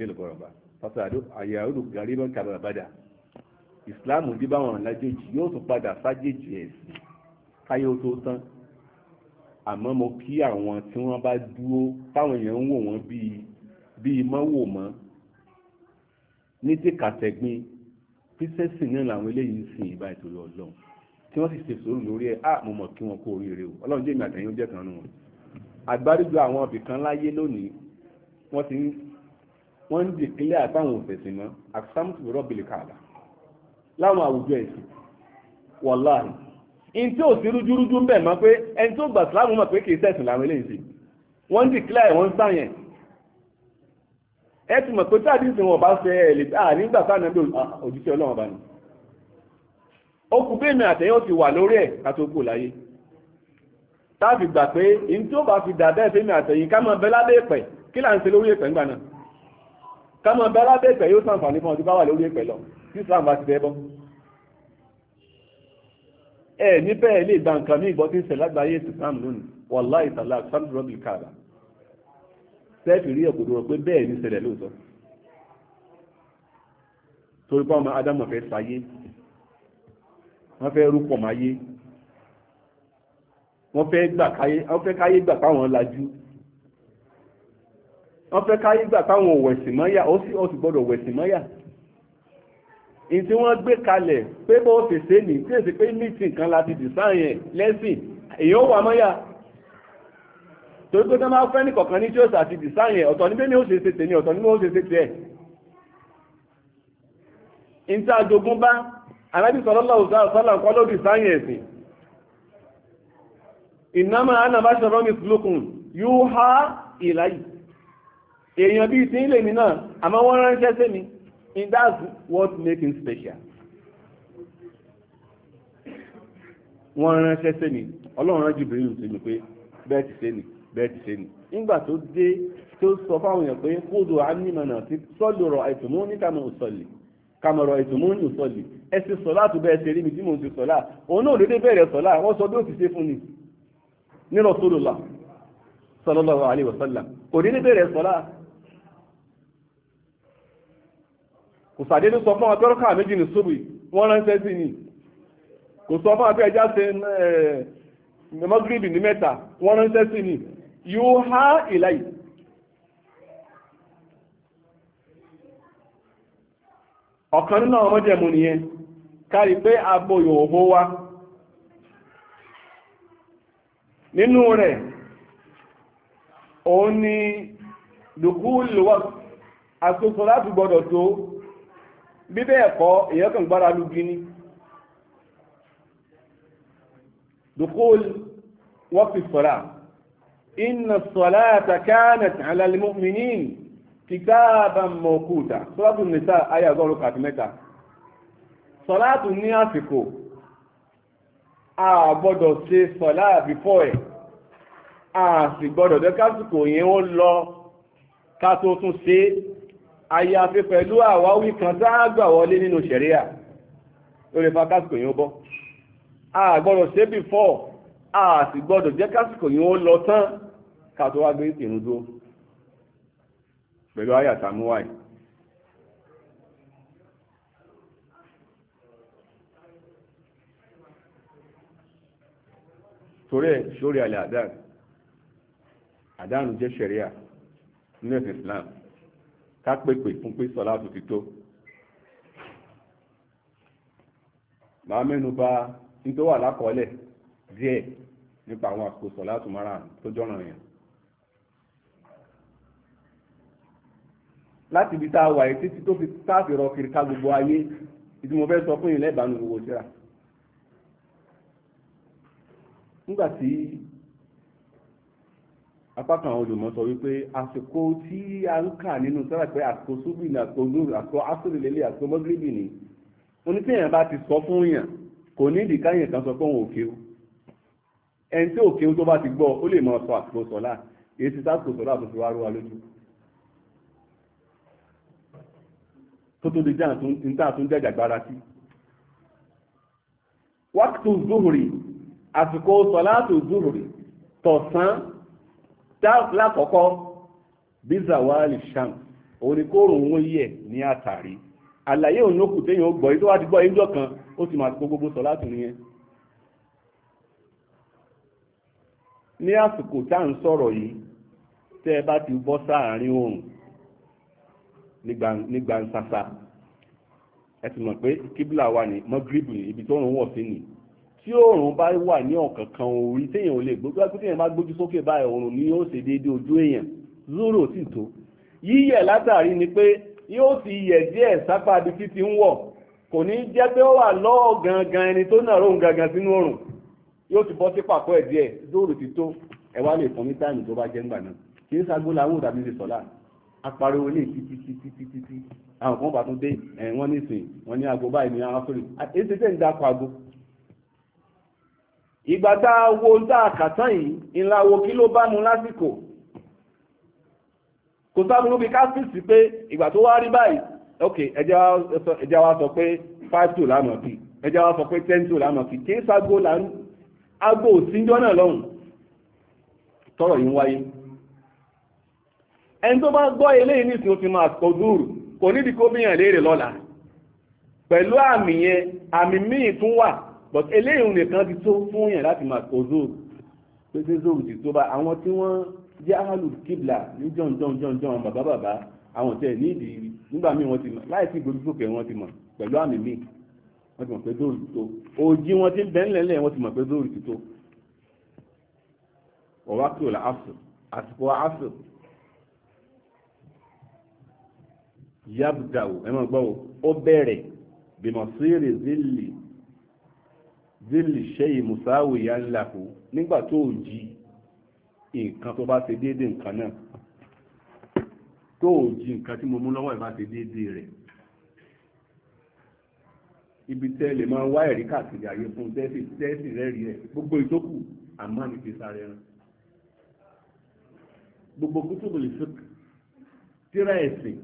wá ń pàtàkì àyàrò gàríbọ̀ kàbàbàdà ìsìláàmù bí báwọn lájèjì yóò tún padà sájèjì ẹ̀sìn káyọ̀ tó tán àmọ́ mo kí àwọn tí wọ́n bá dúró táwọn èèyàn ń wò wọ́n bíi bíi mọ́wò mọ́ ní tìkàtẹ̀gbin píṣẹ́sì náà làwọn eléyìí ń sìn ìbá ìtòlú ọlọ́run tí wọ́n sì ṣe sòrò lórí ẹ̀ á mo mọ̀ kí wọ́n kó oríire o ọlọ́run jẹ́ ìmọ̀ àtẹ̀yìn ó jẹ́ kan nù wọn àgbáríjọ àwọn ibìkan láyé lónìí wọ́n ti ń wọ́n ń dìkílẹ̀ àtàwọn òfẹ̀sìn mọ́ àkísàmùtù rọ́bìlì kààbà láwọn àwùjọ ẹ̀sìn wàláhì in tí ò sí rújúrújú ń bẹ̀ mọ́ pé ẹni tó gbà síláàmù mọ̀ pé kì í sẹ̀sìn làwọn eléyìí sí wọ́n ń dìkílẹ̀ wọ́n ń sáyẹn ẹ ti mọ̀ pé táàdì ìsìn wọn bá ṣe ẹ̀ lè bá nígbà sáà náà bí òjíṣẹ́ ọlọ́run bá ní ó kù bí èmi àtẹ̀yìn ó ti wà lórí ẹ̀ ká kù láyé táàfi gbà pé in tí ó bá fi dà bẹ́ẹ̀ fẹ́mi àtẹ̀yìn ká mọ̀ bẹ́ lábẹ́ ìpẹ́ kí là ń ṣe lórí ìpẹ́ ńgbà náà kámọ́ bẹ́ lábẹ́ ìpẹ̀ yóò sàǹfààní fún ọdún bá wà lórí ìpẹ̀ lọ tí islam bá ti bẹ́ bọ́ ẹ níbẹ̀ lè gba nǹkan ní ìgbọ́ tí ń ṣe lágbàáyé islam lónìí wàlá ìtàlá sáàmù rọ́bì kààrà sẹ́ẹ̀fì rí ọ̀kọ̀dọ̀ rọ̀ pé bẹ́ẹ̀ ní ṣẹlẹ̀ lóòótọ́ torí pé ọmọ adamu fẹ́ sáyé wọ́n fẹ́ rúpọ̀ máyé wọ́n fẹ́ káyé gbà páwọn lajú wọ́n fẹ́ káyé gbà táwọn ò wẹ̀sìn mọ́yà ó sì gbọ́dọ̀ wẹ̀sìn mọ́yà ní tí wọ́n gbé kalẹ̀ pé bó ṣe ṣe ní tí èsì pé meeting kan láti design ẹ̀ lẹ́sìn èèyàn wà mọ́yà torí pé tán máa fẹ́ ní kọ̀ọ̀kan ní tí ó ṣàti design ẹ̀ ọ̀tọ̀ níbẹ̀ ni ó ṣe ṣe tèmi ọ̀tọ̀ níbẹ̀ ó ṣe ṣe tẹ̀ ní tí ajogun bá anábì sallallahu alaihi wasallam kọ́ ló design ẹ̀sìn ìnáma anabáṣọ́rọ́mì slukun yóò há ìlàyìí èèyàn bíi ti ń lè mi náà àmọ́ wọ́n ránṣẹ́ sí mi and that's what make him special wọ́n ránṣẹ́ sí mi ọlọ́run rán Jibril sí mi pé bẹ́ẹ̀ ti ṣe ni bẹ́ẹ̀ ti ṣe ni nígbà tó dé tó sọ fáwọn èèyàn pé kódò ánímọ̀nà ti sọ́ọ̀lì rọ̀ ẹ̀tùmú ní kàmọ̀ òsọ̀lì kàmọ̀ rọ̀ ẹ̀tùmú ní òsọ̀lì ẹ ti sọ̀lá tó bẹ́ẹ̀ ṣe rí mi tí mò ń ti sọ̀lá òun náà dédé bẹ̀rẹ̀ sọ̀lá wọ́n sọ bí ó ti ṣe fún ni nírọ̀ sólùlà sallallahu alaihi wasallam kò dédé bẹ̀rẹ̀ sọ̀lá kò sàdédé sọ fún abẹ́rọ́kà méjì ní sóbì wọ́n ránṣẹ́ sí ni kò sọ fún abẹ́ ẹja ṣe eh, mọ́gírìbì ní mẹ́ta wọ́n ránṣẹ́ sí ni yóò há ìlàyé. ọ̀kan nínú àwọn ọmọdé mu nìyẹn kárí pé abo yòòhó wa nínú rẹ̀ òun ni dùkú lùwọ́ àtúnṣe láti gbọ́dọ̀ tó bí bẹ́ẹ̀ kọ́ èèyàn kan gbára lugi ni dùkúl wọ́n fi sọ̀rà inna sọ̀láta kánat alalmọ́mìnín kìtàbà mọ̀kúta sọ́látù nìta ayé ọgọ́rùn kàti mẹ́ta sọ́látù ní àsìkò a ṣe sọ́lá bífọ́ ẹ̀ a dẹ́kásìkò yẹn ó lọ ká tó tún ṣe é àyàfi pẹ̀lú àwáwí kan tá wọlé nínú ṣẹ̀ríà lórí fa kásìkò yìí ó bọ́ a gbọ́dọ̀ ṣe bí a sì gbọ́dọ̀ jẹ́ kásìkò yìí ó lọ tán ká tó wá gbé ìrun dúró pẹ̀lú àyà tàmúwáì torí ẹ̀ sórí àlẹ́ àdáàrùn jẹ́ Islam ká pèpè fún pé sọlá tó ti tó màá mẹ́nu bà ní tó wà lákọọ́lẹ̀ díẹ̀ nípa àwọn àsìkò sọlá tó mara tó jọ́ràn yẹn láti ibi tá a wà yìí títí tó fi táàfì rọ kiri ká gbogbo ayé ìdí mo fẹ́ sọ fún yín gbogbo síra nígbà tí apákan àwọn olùmọ̀ sọ wípé àsìkò tí a ń kà nínú sọ́ra pé àsìkò ṣúgbìn àsìkò lóru àsìkò asòrìlélẹ̀ àsìkò mọ́gírìbì ni onítìyàn bá ti sọ fún yàn kò ní ìdíkáyàn kan sọ pé òun òkè o ẹni tí òkè tó bá ti gbọ́ ó lè máa sọ àsìkò sọ̀lá èyí ti sásìkò sọ̀lá tó fi wá rú wa lójú tó tó di jẹ́ níta tó ń jẹ́jàgbára sí wákìtù zuhuri àsìkò sọ̀lá tó zuhuri tọ̀sán táàkì lákọ̀ọ́kọ́ bizawali sham oníkóòrùn wọn yẹ ní àtàrí àlàyé òun ló kù téèyàn ó gbọ́ yìí tó wá ti gbọ́ ìjọ kan ó ti máa ti gbogbo sọ láti nìyẹn ní àsìkò tá à ń sọ̀rọ̀ yìí tẹ́ ẹ bá ti bọ́ sáàárín oòrùn ní gbansasa ẹ ti mọ̀ pé kíbla wa ní mọ́gírìbù ibi tó rùn wọ̀ sí nìyí tí òòrùn bá wà ní ọ̀kankan orí téèyàn ò lè gbójú pé téèyàn bá gbójú sókè báyìí òòrùn ni yóò ṣe déédéé ojú èèyàn zúrò sì tó yíyẹ̀ látàrí ni pé yóò ti yẹ̀ díẹ̀ sápá bí títí ń wọ̀ kò ní jẹ́ pé ó wà lọ́ọ̀ gangan ẹni tó náà róhùn gangan sínú òòrùn yóò ti bọ́ sí pàkó ẹ̀ díẹ̀ zúrò ti tó ẹ wá lè fún ní táìmù tó bá jẹ́ ńgbà náà kì í sagbó làwọn òdàbí ti sọ̀lá apariwo ní títítítítítí àwọn kan bá tún dé ẹ̀ wọ́n ní ìsìn wọ́n ní aago ìgbà tá a wo tá a kàtán yìí ńlá wo kí ló bá mu lásìkò kò sábúrú bí káfíìsì pé ìgbà tó wá rí báyìí ok ẹjẹ́ wa sọ pé five two lánàá kí ẹjẹ́ wa sọ pé ten two lánàá kí kí n ságo lánàá agbó òsínjọ́ náà lọ́hùn tọrọ yìí ń wáyé ẹni tó bá gbọ́ eléyìí nísìnyí ó ti máa kọ dúró kò nídìí kó bíyàn léèrè lọ́la pẹ̀lú àmì yẹn àmì míì tún wà but eléyìí nìkan ti tó fún yẹn láti máa kó zoro pété zoro ti tó bá àwọn tí wọ́n jẹ́ ahalu kibla ní jọ̀njọ̀njọ̀njọ̀ àwọn bàbá bàbá àwọn tẹ̀ ní ìdí nígbà míì wọ́n ti mọ̀ láì sí ìgbójúsókè wọ́n ti mọ̀ pẹ̀lú àmì míì wọ́n ti mọ̀ pé zoro ti tó òjì wọn ti ń bẹ́ńlẹ̀lẹ̀ wọ́n ti mọ̀ pé zoro ti tó ọ̀wá kúrò láàfù àsìkò àfù yabda'u ẹ máa gbọ́ o ó bẹ̀rẹ̀ bímọ sí rèzílì zílì ṣẹ́yìn musáwì ya ń làkó nígbà tó ò jí nǹkan tó bá ṣe déédé nǹkan náà tó ò jí nǹkan tí mo mú lọ́wọ́ ìbá ṣe déédé rẹ̀ ibi tẹ́ lè máa wá ẹ̀rí káàkiri àyè fún tẹ́sì tẹ́sì rẹ́rìí rẹ̀ gbogbo ìtókù àmọ́ ní ti sáré rán gbogbo kútùbù lè fẹ́k tíra ẹ̀sìn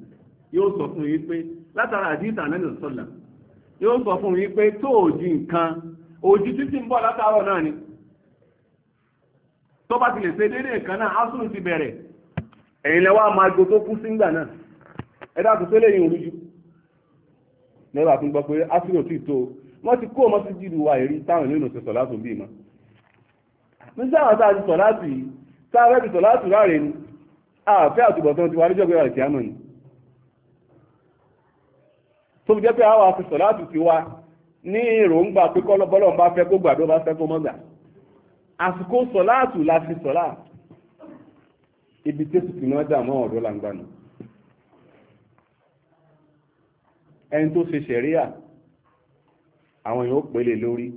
yóò sọ fún yín pé látara àdìsá náà sọ̀là yóò sọ fún yín pé tó ò jí nǹkan òjì títí ń bọ̀ látàárọ̀ náà ni tó bá ti lè ṣe déédéé kan náà asùn ti bẹ̀rẹ̀ ẹ̀yìn lẹ́wọ́ àmàgbò tó kú sígbà náà ẹ dákun tó lẹ́yìn olújú lẹ́wọ́ àtúngbọ́ pé asùn ò tí tó wọ́n ti kó ọmọ sí jìdù wa èrí táwọn ìlú ìnùsẹ̀ sọ̀látù bíi mọ́ nígbà àwọn tá a ti sọ̀látù yìí tá a fẹ́ ti sọ̀látù láàrin ni àfẹ́ àtúbọ̀tán ti wà níjọ́ pé àìsí àmọ́ ni ní èròǹgbà pé kọ́lọ́bọ́lọ́ bá fẹ́ kó gbàdó bá fẹ́ kó mọ́gbà àsìkò sọ̀láàtù la fi sọ̀lá ibi tí sùkì náà dà mọ́ ọ̀dọ́ làǹgbànú ẹni tó ṣe ṣẹ̀ríà àwọn èèyàn ó pèlè lórí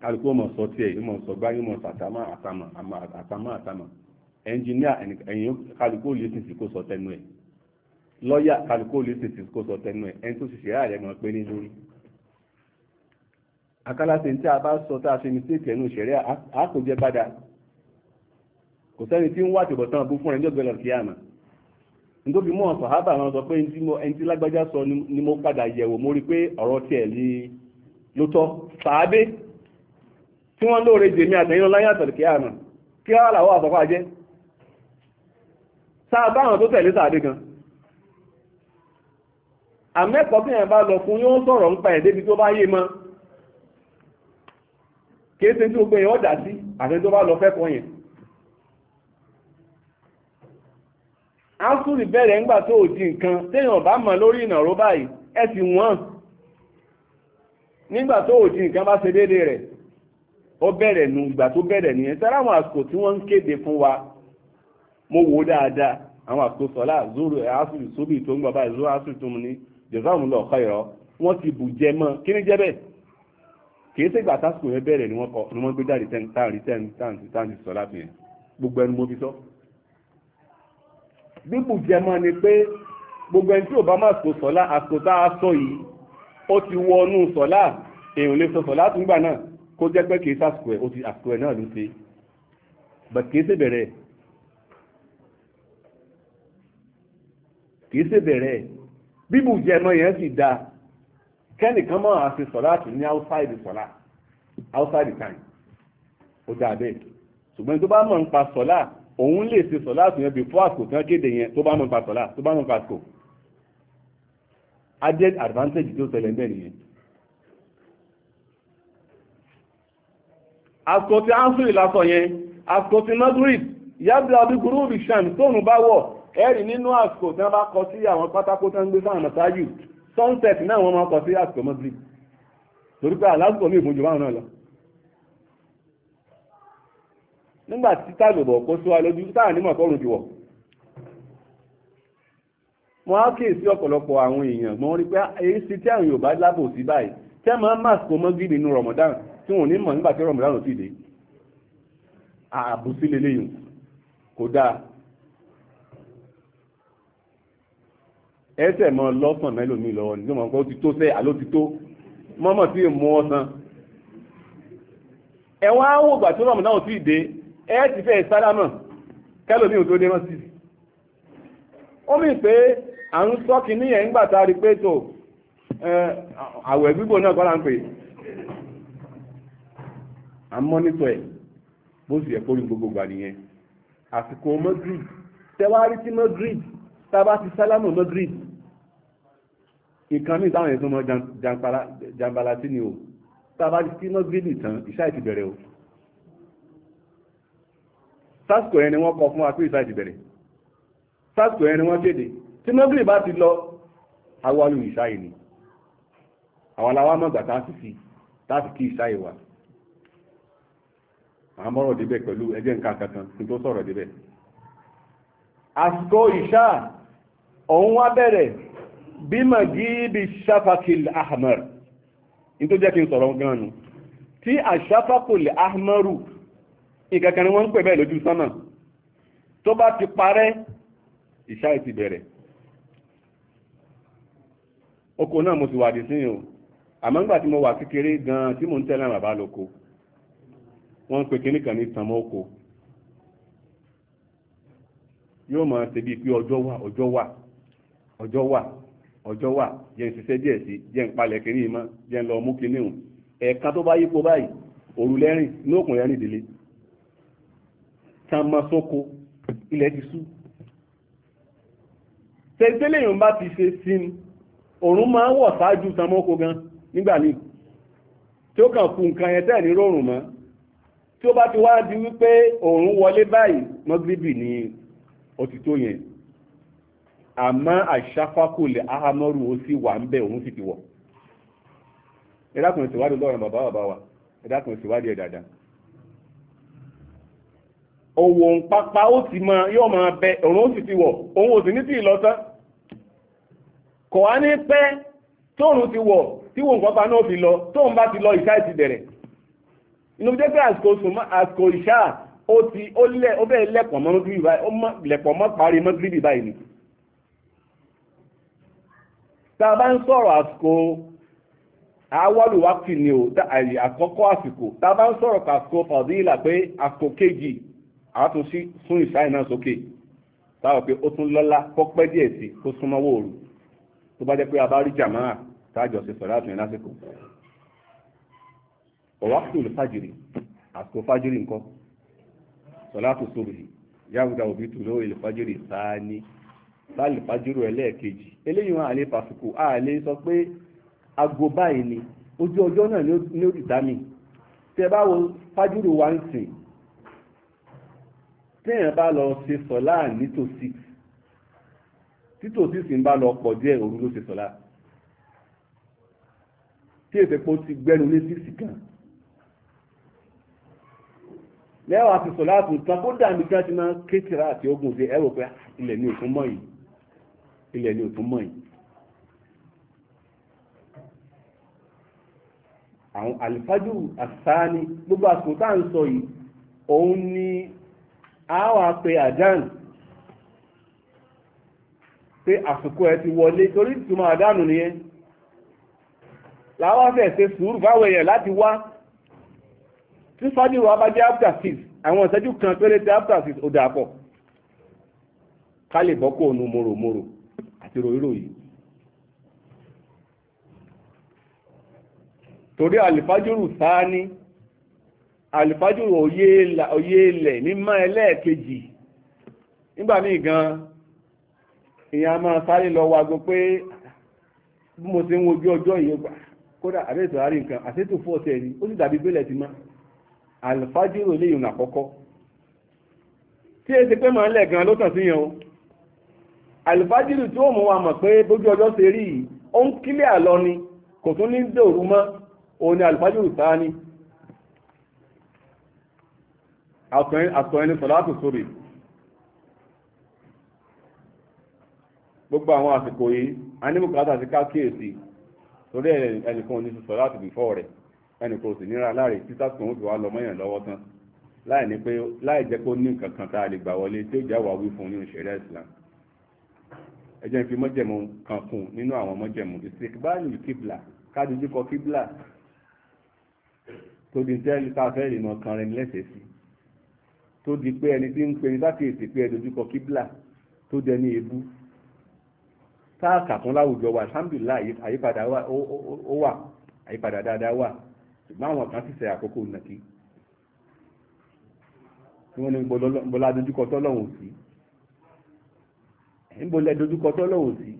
kálukú mọ̀ sọ tiẹ̀ yìí mọ̀ sọ gbá yìí mọ̀ sọ àtàmà àtàmà ẹnjìníà ẹ̀yìn kálukú ò lè sìn kó sọ tẹnu ẹ̀ lọ́ọ̀yà kálukú ò lè sìn kó sọ tẹnu ẹ̀ ẹni tó ṣe ṣẹ̀ríà rẹ̀ mọ̀ pèlè lórí akálàṣe tí a bá sọ tá a ṣe mistake ẹnu ìṣẹ̀rẹ́ àkójẹ padà kò sẹ́ni tí ń wà tìbọ̀ tán bú fún ẹjọ́ gbẹ̀lọ̀ kí àmà nítorí mọ́ ọ̀sán hábà wọn sọ pé ẹni tí lágbájá sọ ni mo padà yẹ̀wò mo rí pé ọ̀rọ̀ tiẹ̀ ní ló tọ́ sàábé tí wọ́n lóore jèmi àtẹ̀yìn ọláyà àtẹ̀lẹ̀ kí àmà kí á làwọ́ àsọ̀fà jẹ́ sáàbá tó tẹ̀lé sàábé gan àmẹ́kọ̀ọ́ tí yẹn bá lọ fún yóò sọ̀rọ̀ ń pa ẹ̀ débi tó bá yé mọ́ kéèsè tí gbogbo èèyàn ọ̀dà sí àti tó bá lọ fẹ́kọ̀ọ́ yẹn asúrì bẹ̀rẹ̀ ńgbà tó ò di nǹkan téèyàn bá mọ̀ lórí ìnàró báyìí ẹ ti wọ́n nígbà tó ò di nǹkan bá ṣe déédéé rẹ̀ ó bẹ̀rẹ̀ nù ìgbà tó bẹ̀rẹ̀ nìyẹn sára àwọn àsìkò tí wọ́n ń kéde fún wa mo wò dáadáa àwọn àsìkò sọ́lá zoro asúrì sóbì tó ń gbà báyìí zoro asúrì tó mu ní jésù àwọn ọlọ́ọ̀kọ́ ìrọ̀ wọ́n ti bù jẹ mọ́ kí ni jẹ́ bẹ́ẹ̀ kìí ṣe ìgbà tásìkò yẹn bẹ̀rẹ̀ ni wọ́n kọ ni wọ́n gbé jáde ten táàrí ten táàrí táàrí sọ láti yẹn gbogbo ẹnu mo fi sọ. bíbù jẹmọ́ ni pé gbogbo ẹni tí ò bá sọ sọlá àsìkò tá a sọ yìí ó ti wọnú sọlá èèyàn lè sọ sọlá tún gbà náà kó jẹ́ pé kìí sàsìkò ẹ̀ ó ti àsìkò ẹ̀ náà ló ṣe but kìí ṣe bẹ̀rẹ̀ kìí ṣe bẹ̀rẹ̀ bíbù jẹmọ́ yẹn sì dáa kẹ́nìkan máa àṣe sọ̀láàtì ní outside sọ̀lá outside time ó dáa bẹ́ẹ̀ ṣùgbọ́n tó bá mọ̀ ń pa sọ̀lá òun lè ṣe sọ̀láàtì yẹn before àsìkò tí wọ́n kéde yẹn tó bá mọ̀ ń pa sọ̀lá tó bá mọ̀ ń pa àsìkò added advantage tó ṣẹlẹ̀ ń bẹ̀ nìyẹn. àsìkò tí ansuri lásọ yẹn àsìkò tí madrid yabla bí gúrúùbì sham tóun bá wọ̀ ẹ̀rì nínú àsìkò tí wọ́n bá kọ sí àwọn pátákó tó ń gbé sáwọn sunset náà wọ́n máa kọ sí àsìkò mọ́gírì torí pé àlásìkò mi ìfúnjú márùn náà lọ nígbà tí tàgbòbọ̀ kó sọ alójú táà nímọ̀ kọrùn ti wọ̀ wọ́n á kè sí ọ̀pọ̀lọpọ̀ àwọn èèyàn rí pé èyí sí tí àwọn Yorùbá lábò sí báyìí máa ń màsìkò nínú Ramadan tí ní mọ̀ nígbà tí Ramadan dé àbùsí lélẹ́yìn kò dáa ẹsẹ̀ mọ lọ́sàn mẹ́lòmí lọ́wọ́ ní ọmọ ó ti tó sẹ́ ti tó mú ọsán ẹ̀wọ́n á wògbà tó rọ̀mù náà sì dé ẹ ti fẹ́ ode kẹ́lòmí ò tó dé rántí ó mì pé à ń sọ kìíní yẹn ńgbà tá a rí pé tó àwẹ̀ gbígbò gbogbo àsìkò Madrid sí Madrid tá a bá ti nǹkan ní ìtàwọn ètò ọmọ jàǹbàlá sí ni o tàbá ti kí mọ́gbìlì tán ìṣáì ti bẹ̀rẹ̀ o sásìkò ẹni wọ́n kọ fún wa pé ìṣáì ti bẹ̀rẹ̀ sásìkò ẹni wọ́n kéde tí mọ́gbìlì bá ti lọ awọ́lù ìṣáì ni àwọn aláwọ̀ mọ̀gbà tá a sì fi tá a sì kí ìṣáì wa àwọn mọ́rọ̀ débẹ̀ pẹ̀lú ẹjẹ́ nǹkan kankan kí n tó sọ̀rọ̀ débẹ̀ àsìkò ìṣá òun wá bẹ̀rẹ̀ bímọ gíbi shafakil ahmar ní tó jẹ́ kí n sọ̀rọ̀ gan nu tí àṣàfàkùl ahmaru ìkankan ni wọ́n ń pè bẹ́ẹ̀ lójú sánà tó bá ti parẹ́ ìṣáì ti bẹ̀rẹ̀ oko náà mo ti wà dìsí o àmọ́ nígbà tí mo wà kékeré gan tí mo ń tẹ́lẹ̀ bàbá lóko wọ́n ń kan ní tànmọ́ oko yóò máa ṣe bíi pé ọjọ́ wà ọjọ́ wà ọjọ́ wà ọjọ́ wà jẹ́ ìṣiṣẹ́ díẹ̀ sí jẹ́ ìpalẹ̀ kìíní ìmọ̀ jẹ́ ń lọ mú kìíní hùn ẹ̀ka tó bá yípo báyìí òru lẹ́rìn ní òkun rẹ̀ nìdílé tàmà sóko ilẹ̀ ti sú tẹ̀sílẹ̀ yìí bá ti ṣe sí ni òrùn máa ń wọ̀ ṣáájú tamọ́kọ gan nígbà míì tí ó kàn fún nǹkan yẹn tẹ́ ní rọrùn mọ́ tí ó bá ti wá di wípé òrùn wọlé báyìí mọ́gíríbì ni ó ti tó yẹn àmọ́ àṣàfàkùlẹ̀ ahamọ́rù ó sì wà ń bẹ̀ òun sì ti wọ̀ ẹ̀dákùnrin ṣèwádìí lọ́rọ̀ bàbá bàbá wa ẹ̀dákùnrin ṣèwádìí ẹ̀ dáadáa òwò ń pápá ó sì máa yóò máa bẹ òun ó sì ti wọ̀ òun ò sì ní sí ìlọ́tán kò wá ní pẹ́ tóòrùn ti wọ̀ tí wọn nǹkan bá náà fi lọ tóun bá ti lọ ìṣá ti bẹ̀rẹ̀ inú jẹ́ pé àsìkò ìṣá ó ti ó lẹ̀ ó bẹ̀rẹ̀ lẹ̀pọ̀ mọ́ ó lẹ̀pọ̀ mọ́ parí mọ́gírì báyìí ni tá a bá ń sọ̀rọ̀ àsìkò awọ́lùwákì ni o àkọ́kọ́ àsìkò tá a bá ń sọ̀rọ̀ àsìkò fàdílà pé àsìkò kejì àtúnṣí sún sun sókè táwọn pé ó tún lọ́lá pọ́pẹ́ díẹ̀ sí kó súnmọ́ wòrù tó bá jẹ́ pé a bá tájọ lásìkò ọ̀wákì olùfàjìrì àsìkò fàjìrì nǹkan àtúnṣe òbí òbí tù lórí láàlè fájúrò ẹlẹ́ẹ̀kejì eléyìí wọn àlè fàsìkò àlè sọ pé aago báyìí ni ojú ọjọ́ náà ni ó ti dá mi tẹ bá wo fájúrò wá ń sìn téèyàn bá lọ ṣe sọ̀lá nítòsí títòsí sì ń bá lọ pọ̀ díẹ̀ òru ló ṣe sọ̀lá tí èsè pé ó ti gbẹ́nu ní sísì kan lẹ́wọ̀n àti sọ̀lá àtúntàn kó dàbí kí wọ́n ti máa kékeré àti ogun ṣe ẹ̀rọ pé ah, ilẹ̀ ní òkun mọ́ yìí ilẹ̀ ni ò tún mọ̀ yìí àwọn àlìfájù àsáni gbogbo àsìkò tá à ń sọ yìí òun ni a wà pe àdán pé àsìkò ẹ ti wọlé torí ìtumọ̀ àdánù nìyẹn láwọn fẹ́ ṣe sùúrù fáwọn èèyàn láti wá tí fájú wa bá jẹ́ after six àwọn ìṣẹ́jú kan péré tí after six ó dà pọ̀ ká lè bọ́ kó nu mòròmòrò ìròyìnrò torí àlìfájòrò sáà ní òye ilẹ̀ mímọ́ ẹlẹ́ẹ̀kejì nígbà míì gan èèyàn máa sáré lọ wago pé bí mo ti ń wojú ọjọ́ yìí gbà kódà àbẹ́tò àárín nǹkan àtẹ́tò fọ́ọ̀tì ẹni ó sì dàbí gbélẹ̀ ti má àlìfájòrò lè àkọ́kọ́ àlùfájìrì tí ó mú wa mọ̀ pé bójú ọjọ́ ṣe rí yìí ó ń kílẹ̀ àlọ́ ni kò tún ní dòru mọ́ òun ni àlùfájìrì sáà ni àtọ̀ ẹni sọ̀látù sórí gbogbo àwọn àsìkò yìí a ní bùkátà sí kákíyèsí torí ẹnìkan ní sọ̀látù bìfọ́ rẹ̀ ẹnìkan ò sì níra láre títà tó ń fi wá lọ mọ́yàn lọ́wọ́ tán láì jẹ́ pé ó ní nǹkan kan tá a lè gbà wọlé tí ó jáwàá wí fún ní òṣèré Islam ẹjẹ́ ń fi mọ́jẹ̀mú kan kún nínú àwọn mọ́jẹ̀mú ìsìnkbáàlì kíbla kájújú kọ kíbla tó di tẹ́lí tá a fẹ́ rìnà kan rẹ̀ lẹ́sẹ̀ sí tó di pé ẹni tí ń pe ní sákèsì pé ẹdójú kọ kíbla tó jẹ ní ebú táàkà fún láwùjọ wa alhamdulillah àyípadà ó wà àyípadà dáadáa wà ṣùgbọ́n àwọn kan sì ṣe àkókò nàkí tí wọ́n ní bọ́lá dojúkọ tọ́lọ́hùn sí níbo lẹ dojúkọ tọ́lọ́wọ́ sí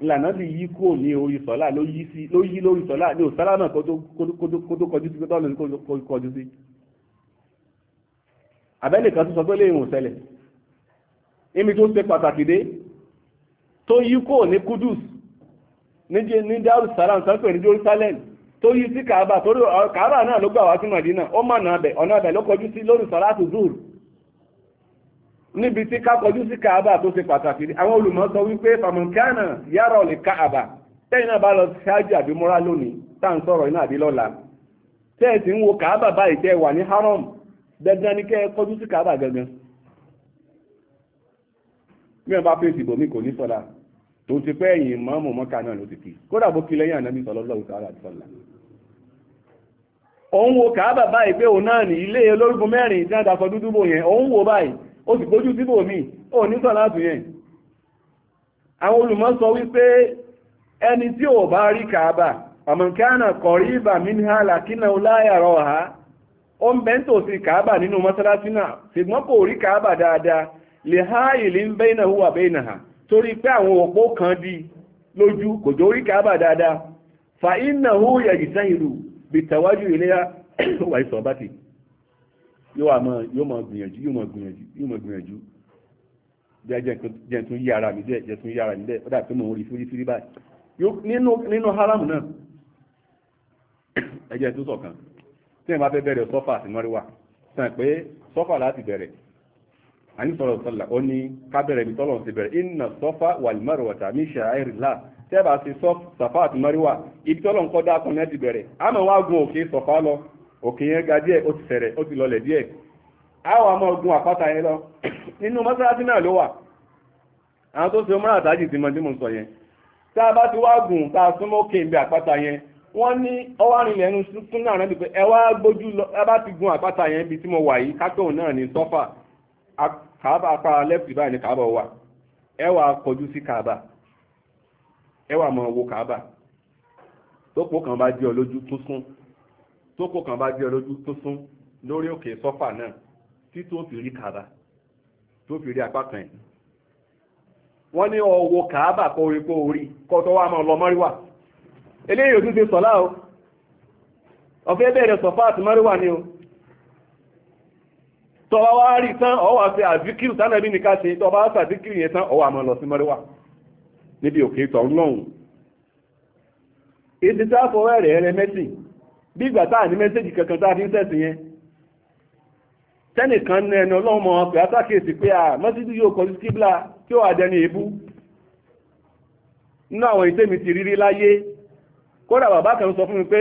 ìlànà bí yí kúrò ní orí sọ́lá ló yí lórí sọ́lá ní òsálà náà kó tó kọjú sí tọ́lọ́ ní kó kọjú sí àbẹ́lẹ̀ kan tó sọ pé léyìn òsẹlẹ̀ ibi tó ṣe pàtàkì dé tó yí kúrò ní Kudus ní Darussalam sanpẹ̀ ní Jerusalem tó yí sí Kaaba torí Kaaba náà ló gbà wá sí Madina ó mọ̀nà abẹ ọ̀nà abẹ ló kọjú sí lórí sọ́lá tó zúrù níbi tí kákọjú sí káàbà tó ṣe pàtàkì ní àwọn olùmọ̀ sọ wípé fàmùkánà yàrá ọ̀lẹ̀ káàbà tẹ́yìn náà bá lọ ṣáájú àbí múra lónìí tá à ń sọ̀rọ̀ iná àbí lọ́la tẹ́ẹ̀ tí ń wo káàbà báyìí tẹ́ wà ní haram dandan ni kẹ́ kọjú sí káàbà gangan mẹ́rin bá fèsì bòmí kò ní sọ́la tó ti pẹ́ ẹ̀yìn mọ́mù mọ́ka náà ló ti kì kódà bó kí lẹ́yìn ànábì sallallahu ta'ala alaihi wasallam òun wo káàbà báyìí pé òun náà ní ilé olórúkọ mẹ́rin tí wọ́n dàkọ dúdú bò yẹn òun wo báyìí ó sì gbójú síbò mi o ní sọ láti yẹn àwọn olùmọ̀ sọ wípé ẹni tí ò bá rí kàábà àmọ̀kánà kọ̀rí ìbà mínhà làkínà láyàrá ọ̀há ó ń bẹ́ntò sí kàábà nínú mọ́sálásí náà ṣùgbọ́n kò rí kàábà dáadáa lè há ìlú ń bẹ́ẹ̀nà hùwà bẹ́ẹ̀nà hà torí pé àwọn òpó kan di lójú kò jó rí kàábà dáadáa fa sẹ́yìn yóò wà máa yóò máa gbìyànjú yóò máa gbìyànjú yóò máa gbìyànjú jẹ́ jẹ́ tún yí ara mi dẹ̀ jẹ́ tún yí ara mi dẹ̀ ó dà pé mò ń rí fírífírí báyìí nínú haram náà ẹjẹ́ tó sọ̀kan tí ẹ̀ bá fẹ́ bẹ̀rẹ̀ sọ́fà àti mọ́ríwà sàn pé sọ́fà láti bẹ̀rẹ̀ àní sọ̀rọ̀ sọ̀là ó ní ká bẹ̀rẹ̀ ibi tọ́lọ̀ ti bẹ̀rẹ̀ inna sọ́fà wal marwata min sha'airillah tẹ́ bá ti sọ́fà àti mọ́ríwà ibi tọ́lọ̀ ń kọ́ dákun náà ti bẹ̀rẹ̀ àmọ́ wá gun òkè sọ̀fà lọ òkè yẹn ga díẹ̀ ó ti fẹ̀rẹ̀ ó ti lọlẹ̀ díẹ̀ àwọn àmọ́ ogun àpáta yẹn lọ nínú mọ́sálásí náà ló wà àwọn tó ṣe ọmọ àtàjì ti mọ tí mo sọ yẹn tá a bá ti wá gùn tá a súnmọ́ òkè ìbí àpáta yẹn wọ́n ní ọwọ́ àrìnlẹ̀ ẹnu tún náà rántí pé ẹ wá gbójú lọ ẹ bá ti gun àpáta yẹn ibi tí mo wà yìí kápẹ́hùn náà ní sọ́fà kàábà apá lẹ́fì báyìí ní kàábà wà ẹ wà kọjú sí kàábà ẹ wà mọ̀ wo kàábà tó pọ̀ kàn bá jẹ́ ọ lójú tún sún tó kò kàn bá jẹ́ lójú tó sún lórí òkè sọ́fà náà tí tó fi rí kàbà tó fi rí apá kan ẹ̀ wọ́n ní ọwọ́ kàábà kọ orí kó orí kọ́ tó wá máa lọ mọ́ríwà eléyìí òtún ti sọ̀lá o ọ̀fẹ́ bẹ̀rẹ̀ sọ̀fà àti mọ́ríwà ni o tọba wá rí tán ọwà sí àzíkìrì tánàbí ní ká ṣe tọba wá sí àzíkìrì yẹn tán ọwà mọ́ lọ sí mọ́ríwá níbi òkè tọ̀ lọ́hùn èdè fọwọ́ rẹ̀ rẹ mẹ́sì bí ìgbà táà ní kankan tá a fi ń sẹ̀sìn yẹn tẹ́nìkan ní ẹni ọlọ́run mọ̀ a mọ́sídú yóò kọjú sí tí ó àdẹni èébú nínú àwọn ìtẹ́mi ti rírí láyé kódà bàbá kan sọ fún mi pé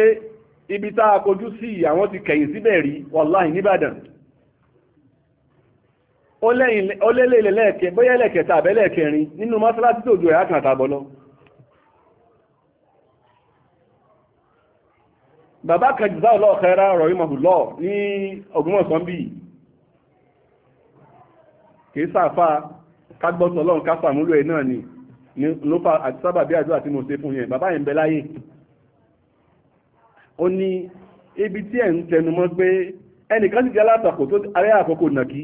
ibi tá a kojú sí àwọn ti kẹ̀yìn síbẹ̀ rí wàláhì nìbàdàn ó lẹ́ẹ̀kẹ́ bóyá nínú mọ́sálásí tó ju ẹ̀ bàbá kan jùlọ ọlọ́ọ̀kẹ́ra ọ̀rọ̀ ìmọ̀hùlọ́ ní Ògbómọ̀ṣọ́ bíi kìí sáfà kágbọ́sọ ọlọ́run káfà múlò ẹ̀ náà ni ló fa àti sábà bí àdúrà tí mo ṣe fún yẹn bàbá yẹn ń bẹ láyé ó ní ibi tí ẹ̀ ń tẹnu mọ́ pé ẹnìkan sì jẹ́ alátakò tó arẹ́ àkókò nàkí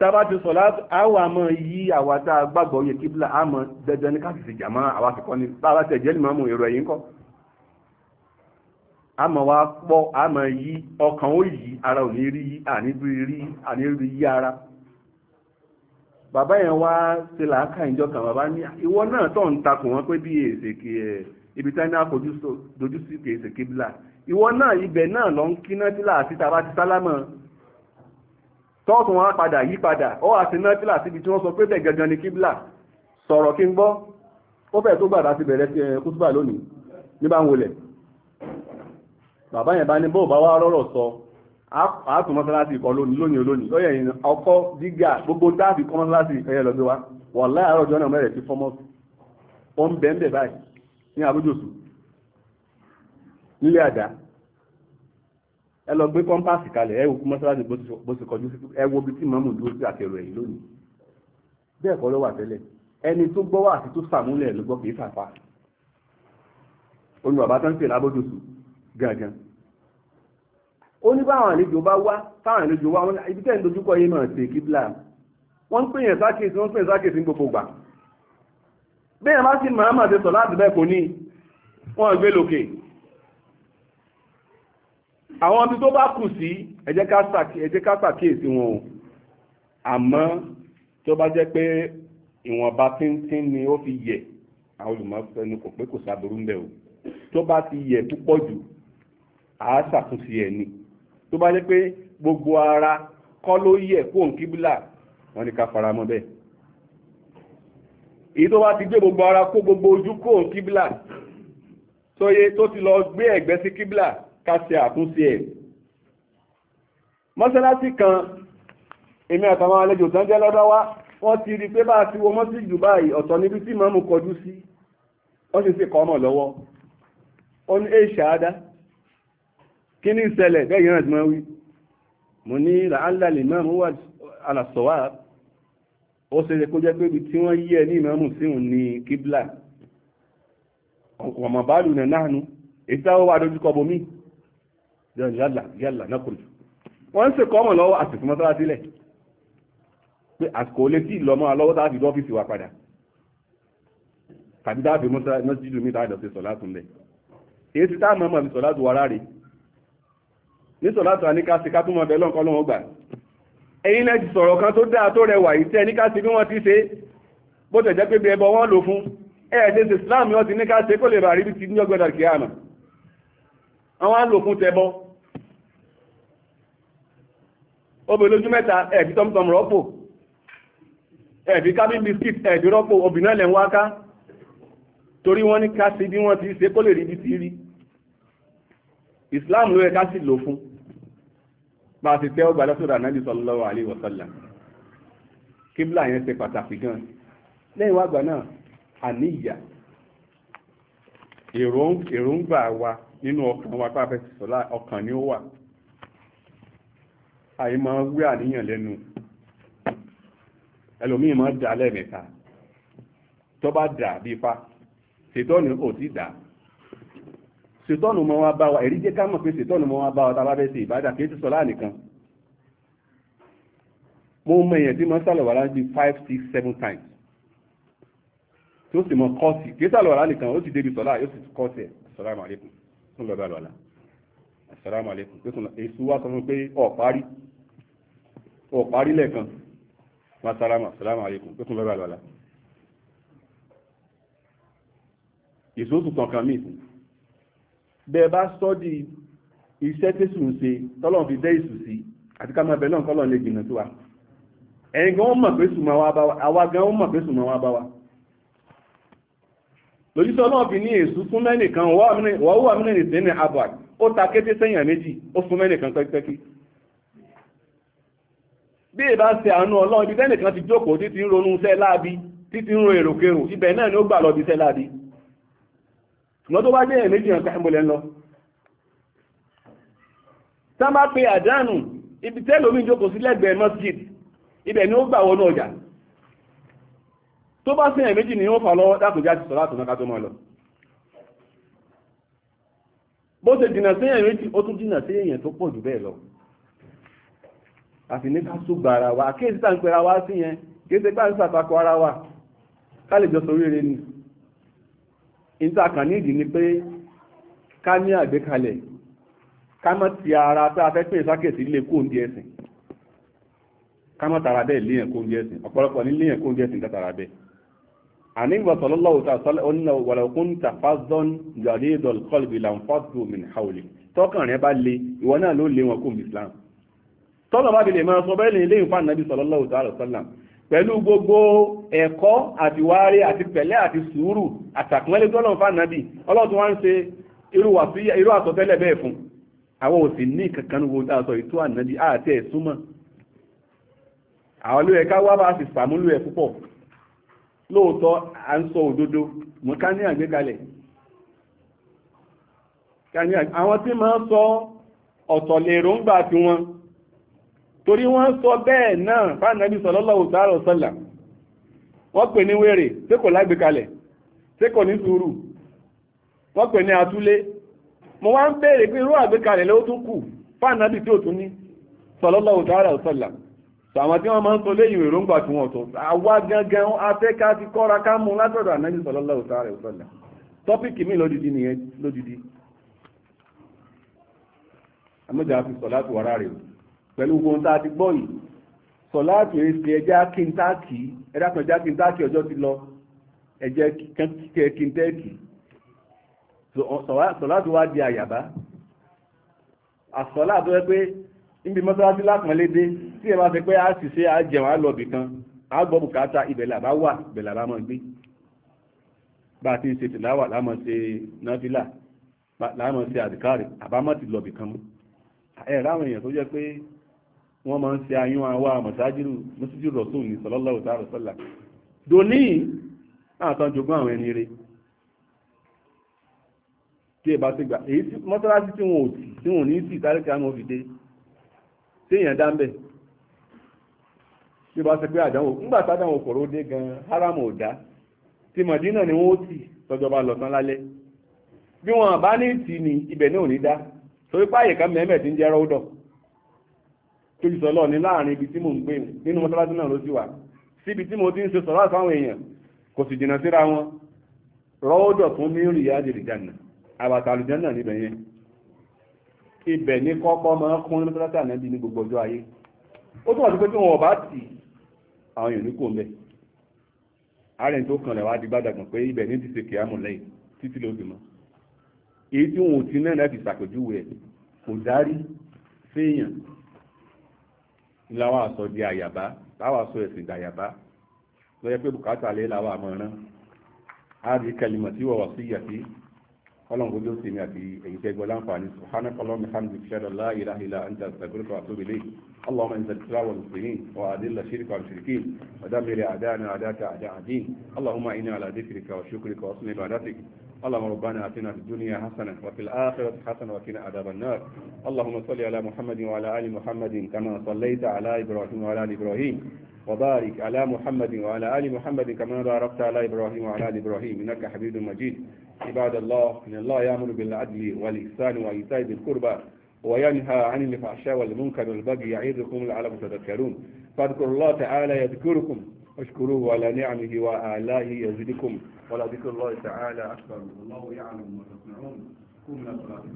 tába ti sọ láti àwọn àmọ́ yí àwa tá a gbàgbọ́ yẹ kíbla àmọ́ dẹdẹ ní káfíìsì jàmọ́ àwa ni bá a bá tẹ̀ àmọ́ wa pọ́ àmọ́ yí ọkàn ó yí ara ò ní rí àníbí yí ara bàbá yẹn wá ṣe làákà ìjọ kan bàbá ní ìwọ náà tó ń takò wọn pé bí èsèké ẹ ibi tí wọn náà fojú dojú sí kì í ṣe kíbílà ìwọ náà ibẹ̀ náà lọ ń kíná tílà àti tàbá ti sálámà tọ́ọ̀tún wọn padà yí padà ó wà sí náà tílà tí wọ́n sọ pé bẹ́ẹ̀ gangan ni kíbílà sọ̀rọ̀ kí n gbọ́ ó fẹ́ tó gbàdá ti bẹ̀rẹ̀ eh, kútúbà lónìí ní ń wọlẹ̀ bàbá yẹn bá ní bó bá wá rọ̀rọ̀ sọ àátùn mọ́sálásì kọ lónìí lónìí olónìí lọ́yẹ̀ yìí ọkọ́ dígà gbogbo táàbì kọ́ mọ́sálásì ẹ̀yẹ lọ́gbé wa wà láàárọ̀ ọjọ́ náà mẹ́rẹ̀ sí fọ́mọ́sì ó ń bẹ̀ ń bẹ̀ báyìí ní àbújòsù nílé àdá ẹ lọ gbé kọ́ńpáàsì kalẹ̀ ẹ wo mọ́sálásì bó ti kọjú sí ẹ wo bí tí mọ́mù dúró sí àkẹrò ẹ̀yìn lónìí bẹ́ẹ̀ kọ́ ló wà tẹ́lẹ̀ ẹni tó gbọ́ wà sí tó sàmúlẹ̀ ló gbọ́ kì í sàfà ó ní bàbá tó ń pè lábójòsù gangan ó ní báwọn àlejò bá wá táwọn àlejò wá ibi tẹ́ ń dojúkọ yìí máa ṣe kíbla wọ́n ń pè yẹn sákèsí wọ́n ń pè yẹn sákèsí gbogbo gbà bẹ́ẹ̀ má sí màá máa ṣe sọ láti bẹ́ẹ̀ kò ní wọ́n gbé lókè àwọn ibi tó bá kù sí ẹ ká ṣàkíyèsí wọn o àmọ́ tó bá jẹ́ pé ìwọ̀nba tíntín ni ó fi yẹ àwọn olùmọ̀ fẹnu kò pé kò sábúrú ń bẹ̀ o tó bá ti yẹ púpọ̀ jù a ṣàtúnṣe ẹ̀ ni tó bá jẹ́ pé gbogbo ara kọ́ ló yẹ kó ń kíbílà wọ́n ní ká fara mọ́ bẹ́ẹ̀ èyí tó bá ti gbé gbogbo ara kó gbogbo ojú kó ń kíbílà tóye tó ti lọ gbé ẹ̀gbẹ́ sí kíbílà ká ṣe àtúnṣe ẹ̀ mọ́sálásí kan èmi àtàwọn àlejò tán jẹ́ lọ́dọ́ wá wọ́n ti rí pé bá a ti wo mọ́sí báyìí ọ̀tọ̀ níbi tí màmú kọjú sí wọ́n sì ṣe kọ́ ọmọ lọ́wọ́ ó ní èèṣà á kí ní ṣẹlẹ̀ bẹ́ẹ̀ yẹn àti máa wí mo ní làálà lè máa mú wà àlàsọ̀wà ó ṣe kó jẹ́ pé ibi tí wọ́n yí ẹ ní ìmáàmù síhùn ní kíblà wọ̀mọ̀ bá lù ìta ó wà dojúkọ bomi yàlà yàlà nákùnrin wọ́n ń ṣèkọ́ ọmọ lọ́wọ́ àsìkò mọ́sára sílẹ̀ pé àsìkò olè tí ìlọ́mọ́ alọ́wọ́ tá a fi dọ́fíìsì wa padà tàbí tá a fi mi tá sí sọ̀lá tún bẹ̀ èyí tí tá a mọ̀ sọ̀lá tún wara rèé nítò látò àníkàsí ká túnmọ̀ bẹ̀lọ́n kọ́ lọ́wọ́ gbà ẹ̀yin lẹ́ ti sọ̀rọ̀ kan tó dáa tó rẹwà yìí tẹ́ níkàsí bí wọ́n ti ṣe bó tẹ̀ jẹ́ pé bí ẹbọ wọ́n lò fún ẹ̀ẹ́dẹ́ ti Islam yọ́ ti níkàsí kó lè bà rí ti ní ọgbẹ́dà kí àmà àwọn àlò fún tẹbọ obìnrin lójú mẹ́ta ẹ̀ẹ́dì tọ́mtọ́m rọ́pò ẹ̀ẹ́dì cabin biscuit ẹ̀ẹ́dì rọ́pò obìnrin lẹ́ islam ló yẹ ká sì lò fún bá a ti tẹ́ ọgbà lọ́sọ̀dọ̀ ànábì sallallahu alaihi wasallam kíbla yẹn ṣe pàtàkì gan lẹ́yìn wá gbà náà àníyà èròǹgbà wa nínú ọkàn wa pàápàá fẹ́ sọ́lá ọkàn ni ó wà àyè máa wí àníyàn lẹ́nu ẹlòmíì máa dà lẹ́ẹ̀mẹ́ta tó bá dà bí fa ṣètọ́ ni ò ti dà á ṣètọ́nù mọ́ wá bá wa ẹ̀rí jẹ́ ká mọ̀ pé ṣètọ́nù mọ́ wá bá wa tábà bẹ́ẹ̀ ṣe ìbádà kì í ti sọ̀lá nìkan mo mọ èèyàn tí mo ń sàlọ̀ wàrà five six seven times tí ó sì mọ kọ́ọ̀sì kì í sàlọ̀ wàrà nìkan ó ti débi sọ̀lá yóò sì kọ́ọ̀sì ẹ̀ assalamu alaikum tó lọ bá lọ la assalamu alaikum tó tún èsù wá sọ fún pé ọ̀ parí ọ̀ parí lẹ́ẹ̀kan wá sálámà assalamu tó tún lọ bá lọ la bẹ́ẹ̀ bá sọ́dí iṣẹ́ tẹ́sù ń ṣe tọ́lọ̀ fi dẹ́ ìsù sí àti ká máa bẹ̀ náà kọ́lọ̀ lè jìnà tó wa ẹ̀yìn gan mọ̀ pé sùn máa wá bá wa àwa gan mọ̀ pé sùn máa wá bá wa lójútọ́ náà fi ní èsù fún mẹ́nìkan wọ́n wà mílẹ̀ nìsín ní abà ó ta kété sẹ́yìn méjì ó fún mẹ́nìkan pẹ́kipẹ́kí bí ìbá ṣe àánú ọlọ́run ibi tẹ́nìkan ti jókòó títí ń ronú iṣẹ́ láabi títí ń ro èròkèrò ibẹ̀ náà ni ó gbà lọ bí ṣùgbọ́n tó bá jẹ́ èyàn méjì ìmọ̀lẹ̀ lọ tá bá pe àdánù ibi sí lẹ́gbẹ̀ẹ́ masjid ibẹ̀ ni ó gbà wọnú ọjà tó bá sí ni ó fà dákùnjá ti sọ̀rọ̀ àtúnná tó máa lọ bó ṣe jìnà sí méjì ó tún jìnà sí tó ìtàkàn nídìí ni pé ká ní àgbékalẹ̀ ká mọ́ ti ara tá a fẹ́ pè sákèsí lè kó oúnjẹ ẹ̀sìn ká mọ́ tara bẹ́ẹ̀ léèyàn kó oúnjẹ ẹ̀sìn ọ̀pọ̀lọpọ̀ ní léèyàn kó oúnjẹ ẹ̀sìn ká tara bẹ́ẹ̀ ànígbà sallallahu ta'ala ọ̀nà wàlàkún tàfàzọ́n yàrí ìdọ̀lkọ́lùbì làǹfààtò min hawli tọ́kàn rẹ̀ bá le ìwọ náà ló lé wọn kó islam tọ́lọ̀ bá fi lè máa sọ bẹ́ẹ̀ lè léyìn fún ànábì sallallahu ta'ala sallam pẹ̀lú gbogbo ẹ̀kọ́ àtiwárí àti pẹ̀lẹ́ àti sùúrù àtàkùnlẹ́lẹ́ tó lọ́nà fànàbì ọlọ́tún wá ń ṣe irú àsọtẹ́lẹ̀ bẹ́ẹ̀ fún àwọn ní kankan wo dáàsọ ìtú ànàbì àti ẹ̀súnmọ́ àwọn olóyè wá bá sì sàmúlò ẹ̀ púpọ̀ lóòótọ́ à ń sọ òdodo mú ká ní àgbékalẹ̀ àwọn tí sọ ọ̀tọ̀lẹ̀rọ̀ ń gbà torí wọ́n sọ bẹ́ẹ̀ náà fánàbí sallallahu ta'ala wa sallam wọ́n pè ní wèrè tí kò lágbèkalẹ̀ tí kò ní sùúrù wọ́n pè ní atúlé mo wá ń béèrè pé irú àgbékalẹ̀ ló tún kù fánàbí tí ò tún ní sallallahu ta'ala wa sallam àwọn tí wọ́n máa ń sọ léyìn èròǹgbà tí wọ́n sọ àwa gangan afẹ́ká ti tọ́pìkì mi lódìdí nìyẹn lódìdí àmójà fi sọ láti wàrà rèé pẹ̀lú ohun tá a ti gbọ́ yìí sọ̀láàtì èsì ẹjẹ́ akíntáàkì ẹ̀dá kan ẹjẹ́ akíntáàkì ọjọ́ ti lọ ẹjẹ́ kíkẹ́ kíntẹ́ẹ̀kì sọ̀láàtì wá di àyàbá àsọ̀láàtì wẹ́ pé níbi mọ́sálásí lápọ̀nlédé tí ẹ bá fẹ́ pé a sì ṣe àjẹun àlọ́bì kan a gbọ́ bùkátà ibẹ̀ làbá wà ibẹ̀ làbá mọ́ gbé bá a ti ń ṣe tìláwà láàmọ́ ṣe náfìlà láàmọ́ ṣe àdìkárì àbámọ́ ti lọ́bì kan mọ́ ẹ̀ráwọn èèyàn tó jẹ́ pé wọ́n máa ń ṣe ayún àwa mọ̀sájírù mọ́síjì rọ̀sùn ní sọlọ́lọ́wọ́ tá àrọ̀sọ́là dòní àtàn jogún àwọn ẹni rẹ tí ìbá ti gbà èyí mọ́sálásí tí wọn ò tì tí wọn ò ní tì tálíkà wọn fi dé tí èèyàn dá ń bẹ̀ tí ìbá ti pé àdánwò ńgbà sádánwò kòró dé gan haramu ò dá tí mọ̀dínà ni wọ́n ó tì tọjọba lọ tán lálẹ́ bí wọn bá ní tì ní ibẹ̀ náà ò ní dá torí páàyè kan mẹ́mẹ́ ti ń jẹ́ rọ́ọ̀dọ̀ tóbi sọ̀lọ́ ní láàrin ibi tí mò ń gbé nínú mọ́sálásí náà ló sì wà síbi tí mo ti ń ṣe sọ̀rọ̀ àtàwọn èèyàn kò sì jìnnà síra wọn rọ́ọ̀dọ̀ fún mi rìn yáàdì ìjànà àbàtà àlùjànnà níbẹ̀ yẹn ibẹ̀ ní kọ́kọ́ máa ń kún mọ́sálásí ànábì ní gbogbo ọjọ́ ayé ó tún wà sí pé tí wọn ọba tì àwọn èèyàn ní kò ń àárẹ̀ tó kànlẹ̀ wá di gbádàgbọ̀n pé ibẹ̀ ní ti ṣe kìámù èyí tí wọn ò ti náà láti ṣàpèjúwe ẹ̀ kò dárí séèyàn láwọn àsọ di àyàbá láwọn àsọ ẹ̀sìn dàyàbá lọ́yẹ́ pé bùkátà lé láwọn àmọ́ràn á rí kẹlìmọ̀ tí wọ́n wà sí yàtí ọlọ́run kó ló ti ní àti èyí tẹ́gbọ́ láǹfààní sùhánà kọlọ́mì hàmdì ṣẹ́dọ̀ láàyè láhìlá àǹtà ṣàgbéríkọ̀ àtòbílé اللهم انزل الاسلام والمسلمين واذل الشرك والمشركين ودمر اعداءنا اعداءك اعداء الدين اللهم انا على ذكرك وشكرك وحسن عبادتك اللهم ربنا آتنا في الدنيا حسنة وفي الآخرة حسنة وقنا عذاب النار اللهم صل على محمد وعلى آل محمد كما صليت على إبراهيم وعلى آل إبراهيم وبارك على محمد وعلى آل محمد كما باركت على إبراهيم وعلى آل إبراهيم إنك حميد مجيد عباد الله إن الله يأمر بالعدل والإحسان وإيتاء ذي القربى وينهى عن الفحشاء والمنكر والبغي يعظكم لعلكم تذكرون فاذكروا الله تعالى يذكركم واشكروه على نعمه وآلائه يزدكم ولذكر الله تعالى أكبر والله يعلم ما تصنعون قم نصراتكم